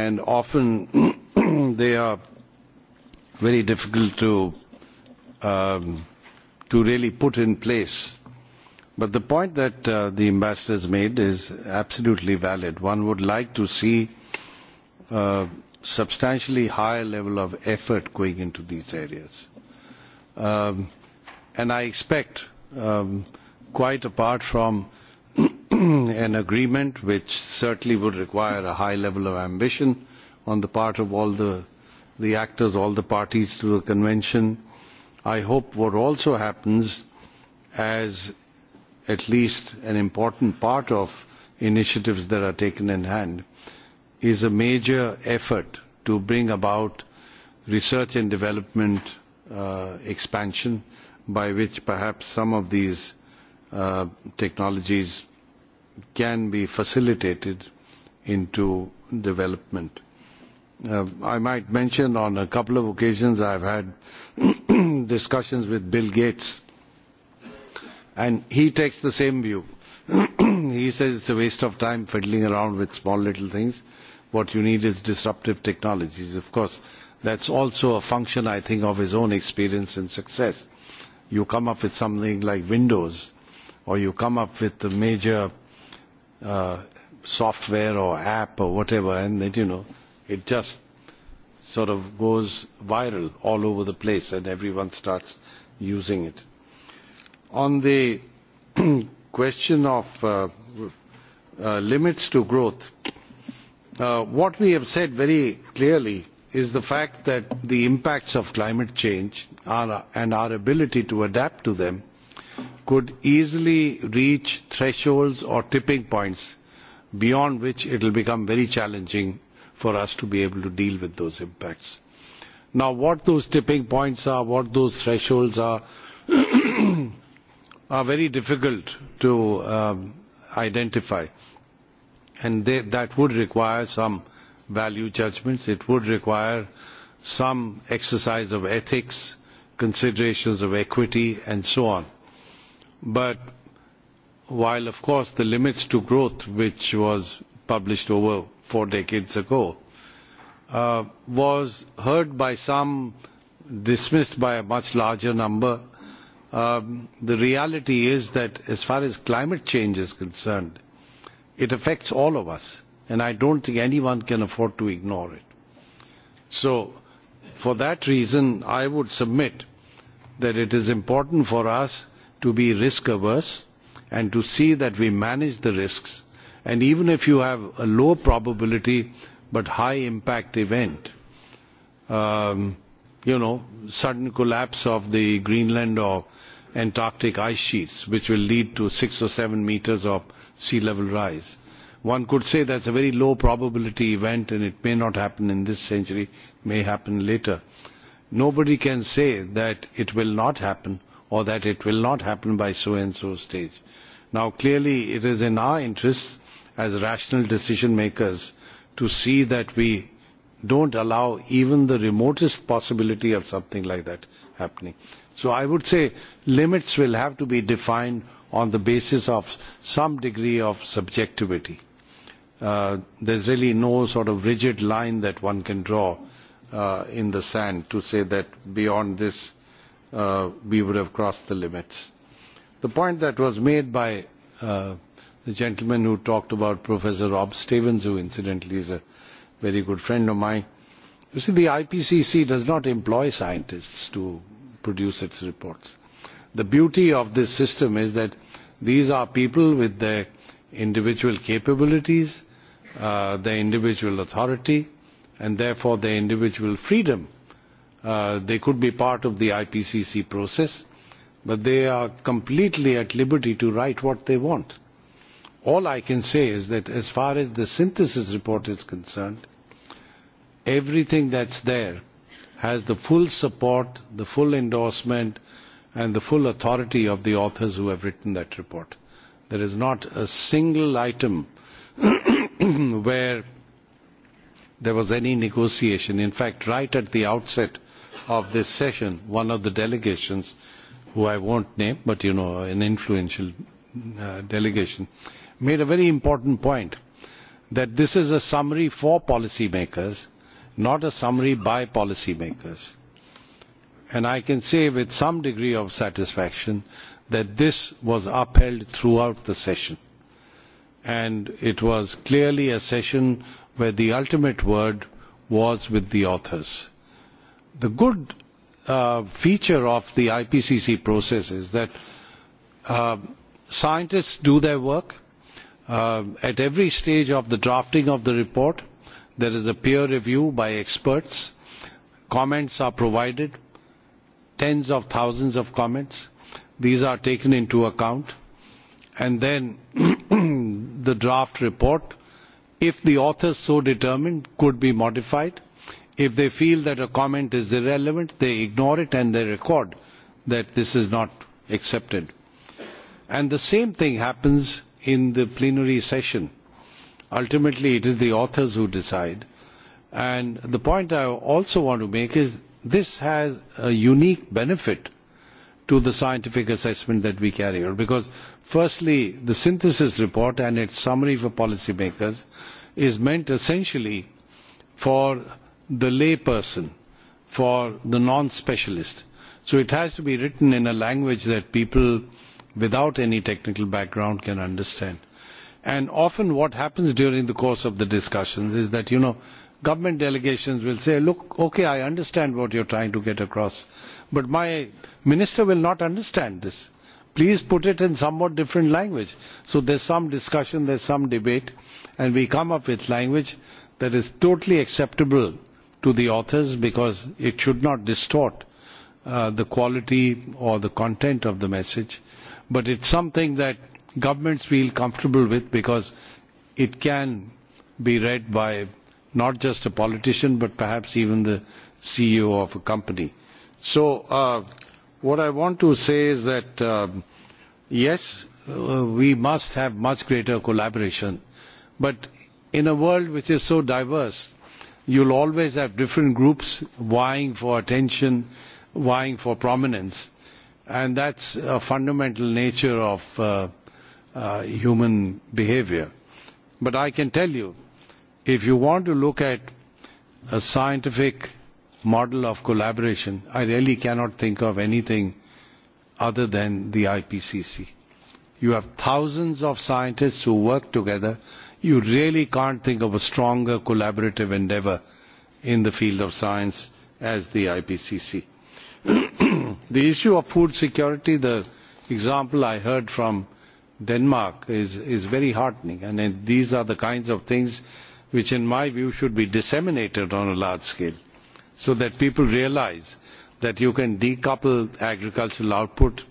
and often they are very difficult to to really put in place. But the point that the ambassador has made is absolutely valid. One would like to see a substantially higher level of effort going into these areas. And I expect, quite apart from an agreement which certainly would require a high level of ambition on the part of all the the actors, all the parties to the Convention. I hope what also happens as at least an important part of initiatives that are taken in hand is a major effort to bring about research and development expansion by which perhaps some of these technologies can be facilitated into development. I might mention on a couple of occasions I have had discussions with Bill Gates and he takes the same view. He says it's a waste of time fiddling around with small little things. What you need is disruptive technologies. Of course, that's also a function, I think, of his own experience and success. You come up with something like Windows or you come up with a major software or app or whatever and that you know it just sort of goes viral all over the place and everyone starts using it. On the question of limits to growth, what we have said very clearly is the fact that the impacts of climate change are and our ability to adapt to them could easily reach thresholds or tipping points beyond which it will become very challenging for us to be able to deal with those impacts. Now what those tipping points are, what those thresholds are, are very difficult to identify and that would require some value judgments, it would require some exercise of ethics, considerations of equity and so on but while of course the limits to growth which was published over four decades ago was heard by some dismissed by a much larger number the reality is that as far as climate change is concerned it affects all of us and i don't think anyone can afford to ignore it so for that reason i would submit that it is important for us to be risk averse and to see that we manage the risks and even if you have a low probability but high impact event you know sudden collapse of the greenland or antarctic ice sheets which will lead to six or seven meters of sea level rise one could say that's a very low probability event and it may not happen in this century may happen later nobody can say that it will not happen or that it will not happen by so and so stage. Now clearly it is in our interests as rational decision makers to see that we don't allow even the remotest possibility of something like that happening. So I would say limits will have to be defined on the basis of some degree of subjectivity. There's really no sort of rigid line that one can draw in the sand to say that beyond this we would have crossed the limits. The point that was made by the gentleman who talked about Professor Rob Stevens, who incidentally is a very good friend of mine, you see the IPCC does not employ scientists to produce its reports. The beauty of this system is that these are people with their individual capabilities, their individual authority, and therefore their individual freedom They could be part of the IPCC process, but they are completely at liberty to write what they want. All I can say is that as far as the synthesis report is concerned, everything that's there has the full support, the full endorsement, and the full authority of the authors who have written that report. There is not a single item where there was any negotiation. In fact, right at the outset, of this session, one of the delegations, who I won't name, but you know, an influential delegation, made a very important point that this is a summary for policymakers, not a summary by policymakers. And I can say with some degree of satisfaction that this was upheld throughout the session. And it was clearly a session where the ultimate word was with the authors the good feature of the IPCC process is that scientists do their work. At every stage of the drafting of the report, there is a peer review by experts. Comments are provided, tens of thousands of comments. These are taken into account. And then the draft report, if the authors so determined, could be modified If they feel that a comment is irrelevant, they ignore it and they record that this is not accepted. And the same thing happens in the plenary session. Ultimately, it is the authors who decide. And the point I also want to make is this has a unique benefit to the scientific assessment that we carry out. Because, firstly, the synthesis report and its summary for policymakers is meant essentially for the layperson for the non specialist so it has to be written in a language that people without any technical background can understand and often what happens during the course of the discussions is that you know government delegations will say look okay i understand what you're trying to get across but my minister will not understand this please put it in somewhat different language so there's some discussion there's some debate and we come up with language that is totally acceptable to the authors because it should not distort the quality or the content of the message. But it's something that governments feel comfortable with because it can be read by not just a politician but perhaps even the CEO of a company. So what I want to say is that yes, we must have much greater collaboration. But in a world which is so diverse, You will always have different groups vying for attention, vying for prominence. And that's a fundamental nature of human behavior. But I can tell you, if you want to look at a scientific model of collaboration, I really cannot think of anything other than the IPCC. You have thousands of scientists who work together you really can't think of a stronger collaborative endeavour in the field of science as the IPCC. The issue of food security, the example I heard from Denmark is very heartening and these are the kinds of things which in my view should be disseminated on a large scale so that people realise that you can decouple agricultural output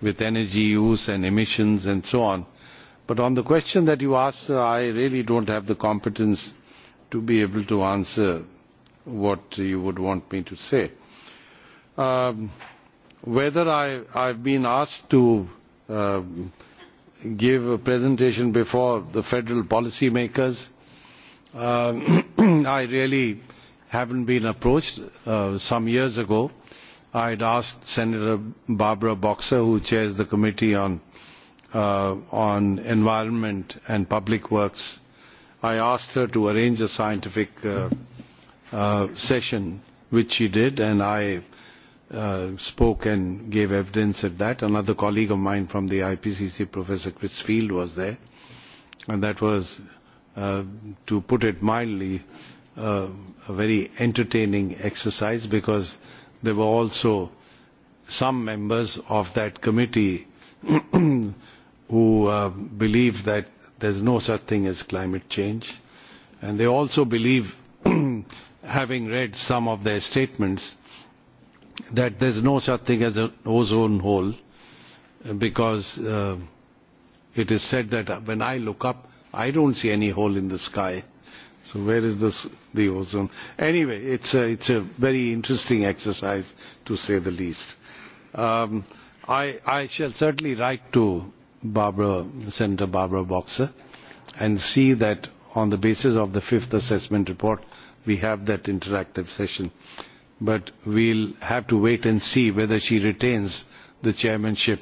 with energy use and emissions and so on But on the question that you asked, I really don't have the competence to be able to answer what you would want me to say. Whether I I've been asked to give a presentation before the federal policymakers, I really haven't been approached. Some years ago, I had asked Senator Barbara Boxer, who chairs the Committee on on environment and public works. I asked her to arrange a scientific session, which she did, and I spoke and gave evidence at that. Another colleague of mine from the IPCC, Professor Chris Field, was there. And that was, to put it mildly, a very entertaining exercise because there were also some members of that committee who believe that there is no such thing as climate change and they also believe having read some of their statements that there is no such thing as an ozone hole because it is said that when I look up I don't see any hole in the sky so where is this the ozone anyway it's a it's a very interesting exercise to say the least I shall certainly write to Barbara, Senator Barbara Boxer, and see that on the basis of the fifth assessment report, we have that interactive session. But we'll have to wait and see whether she retains the chairmanship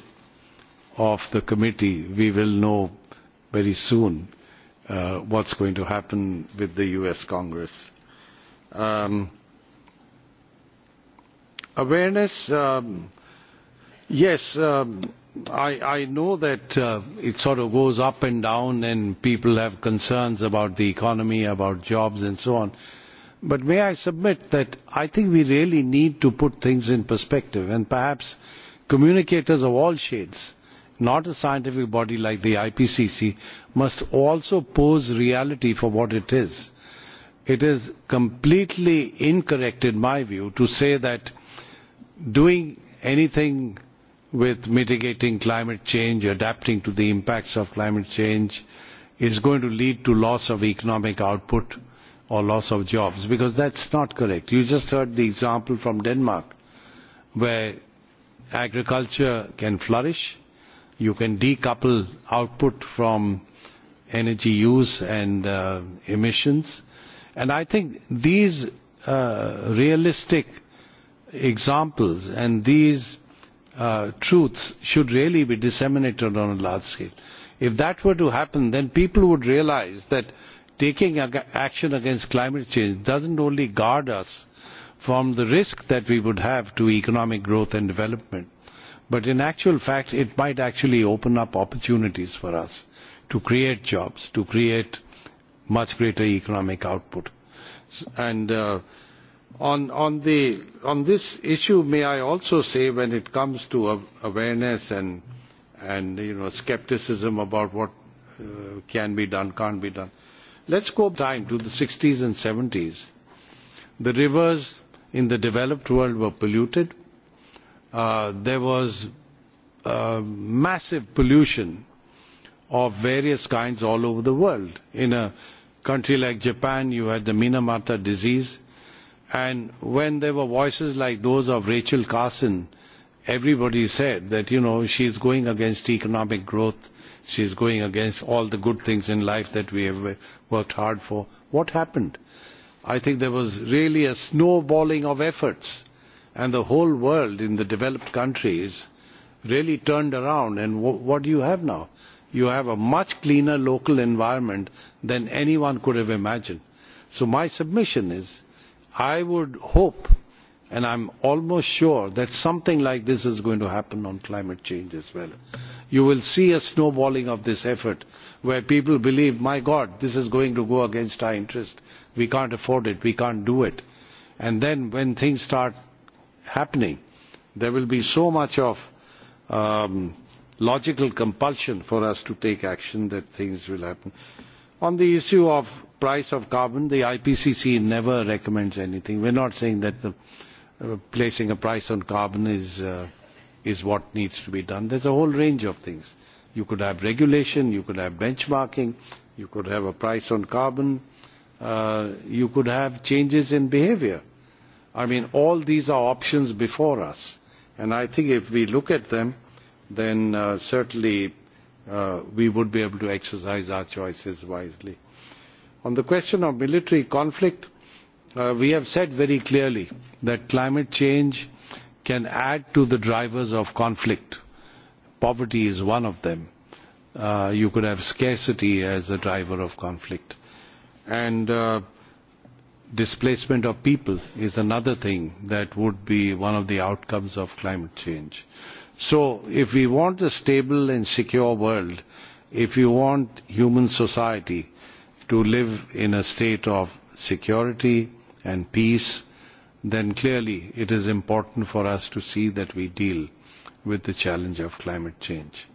of the committee. We will know very soon what's going to happen with the U.S. Congress. Awareness, yes. I know that it sort of goes up and down and people have concerns about the economy, about jobs and so on. But may I submit that I think we really need to put things in perspective and perhaps communicators of all shades, not a scientific body like the IPCC, must also pose reality for what it is. It is completely incorrect in my view to say that doing anything with mitigating climate change, adapting to the impacts of climate change, is going to lead to loss of economic output or loss of jobs, because that's not correct. You just heard the example from Denmark, where agriculture can flourish, you can decouple output from energy use and emissions. And I think these realistic examples and these truths should really be disseminated on a large scale. If that were to happen, then people would realise that taking action against climate change doesn't only guard us from the risk that we would have to economic growth and development, but in actual fact it might actually open up opportunities for us to create jobs, to create much greater economic output. And On this issue, may I also say, when it comes to awareness and skepticism about what can be done, can't be done, let's go back time to the 60s and 70s. The rivers in the developed world were polluted. There was massive pollution of various kinds all over the world. In a country like Japan, you had the Minamata disease And when there were voices like those of Rachel Carson, everybody said that, you know, she is going against economic growth, she is going against all the good things in life that we have worked hard for. What happened? I think there was really a snowballing of efforts, and the whole world in the developed countries really turned around. And what do you have now? You have a much cleaner local environment than anyone could have imagined. So my submission is I would hope and I am almost sure that something like this is going to happen on climate change as well. You will see a snowballing of this effort where people believe, my God, this is going to go against our interest. We can't afford it. We can't do it. And then when things start happening, there will be so much of logical compulsion for us to take action that things will happen. On the issue of price of carbon, the IPCC never recommends anything. We're not saying that placing a price on carbon is is what needs to be done. There's a whole range of things. You could have regulation, you could have benchmarking, you could have a price on carbon, you could have changes in behaviour. I mean, all these are options before us. And I think if we look at them, then certainly we would be able to exercise our choices wisely. On the question of military conflict, we have said very clearly that climate change can add to the drivers of conflict. Poverty is one of them. You could have scarcity as a driver of conflict. And displacement of people is another thing that would be one of the outcomes of climate change. So if we want a stable and secure world, if we want human society, to live in a state of security and peace, then clearly it is important for us to see that we deal with the challenge of climate change.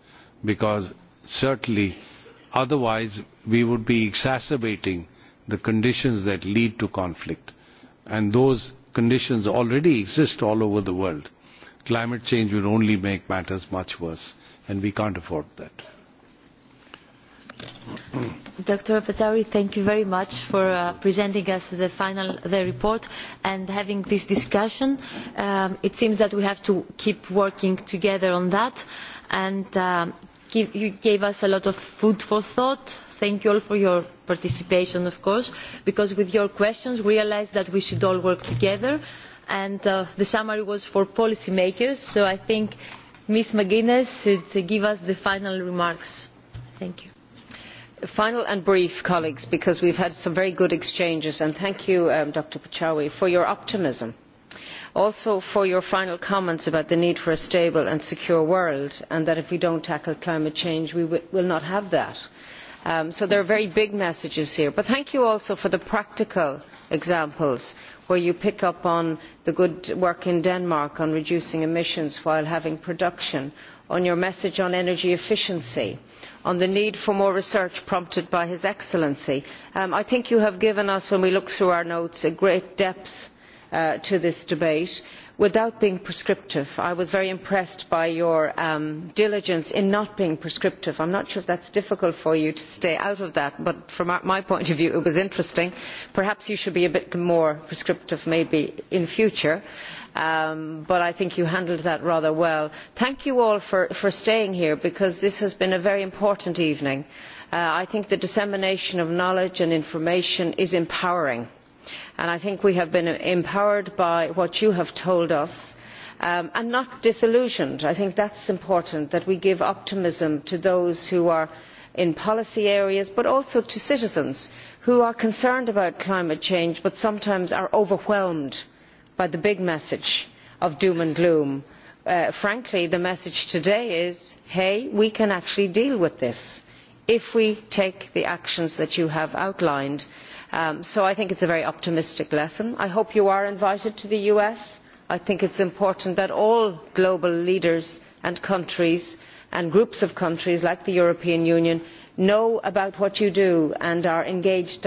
Because certainly otherwise we would be exacerbating the conditions that lead to conflict. And those conditions already exist all over the world. Climate change will only make matters much worse and we can't afford that. Dr. Patari, thank you very much for presenting us the final report and having this discussion. It seems that we have to keep working together on that, and you gave us a lot of food for thought. Thank you all for your participation, of course, because with your questions we realised that we should all work together, and the summary was for policy makers, so I think Ms. McGuinness should give us the final remarks. Thank you final and brief colleagues because we have had some very good exchanges and thank you dr pachauri for your optimism also for your final comments about the need for a stable and secure world and that if we do not tackle climate change we will not have that. so there are very big messages here but thank you also for the practical examples where you pick up on the good work in denmark on reducing emissions while having production on your message on energy efficiency on the need for more research prompted by his excellency. i think you have given us when we look through our notes a great depth to this debate without being prescriptive. i was very impressed by your diligence in not being prescriptive. i am not sure if that is difficult for you to stay out of that but from my point of view it was interesting. perhaps you should be a bit more prescriptive maybe in future but i think you handled that rather well. thank you all for staying here because this has been a very important evening. i think the dissemination of knowledge and information is empowering and i think we have been empowered by what you have told us and not disillusioned. i think that is important that we give optimism to those who are in policy areas but also to citizens who are concerned about climate change but sometimes are overwhelmed by the big message of doom and gloom. Frankly, the message today is, hey, we can actually deal with this if we take the actions that you have outlined. So I think it's a very optimistic lesson. I hope you are invited to the US. I think it's important that all global leaders and countries and groups of countries like the European Union know about what you do and are engaged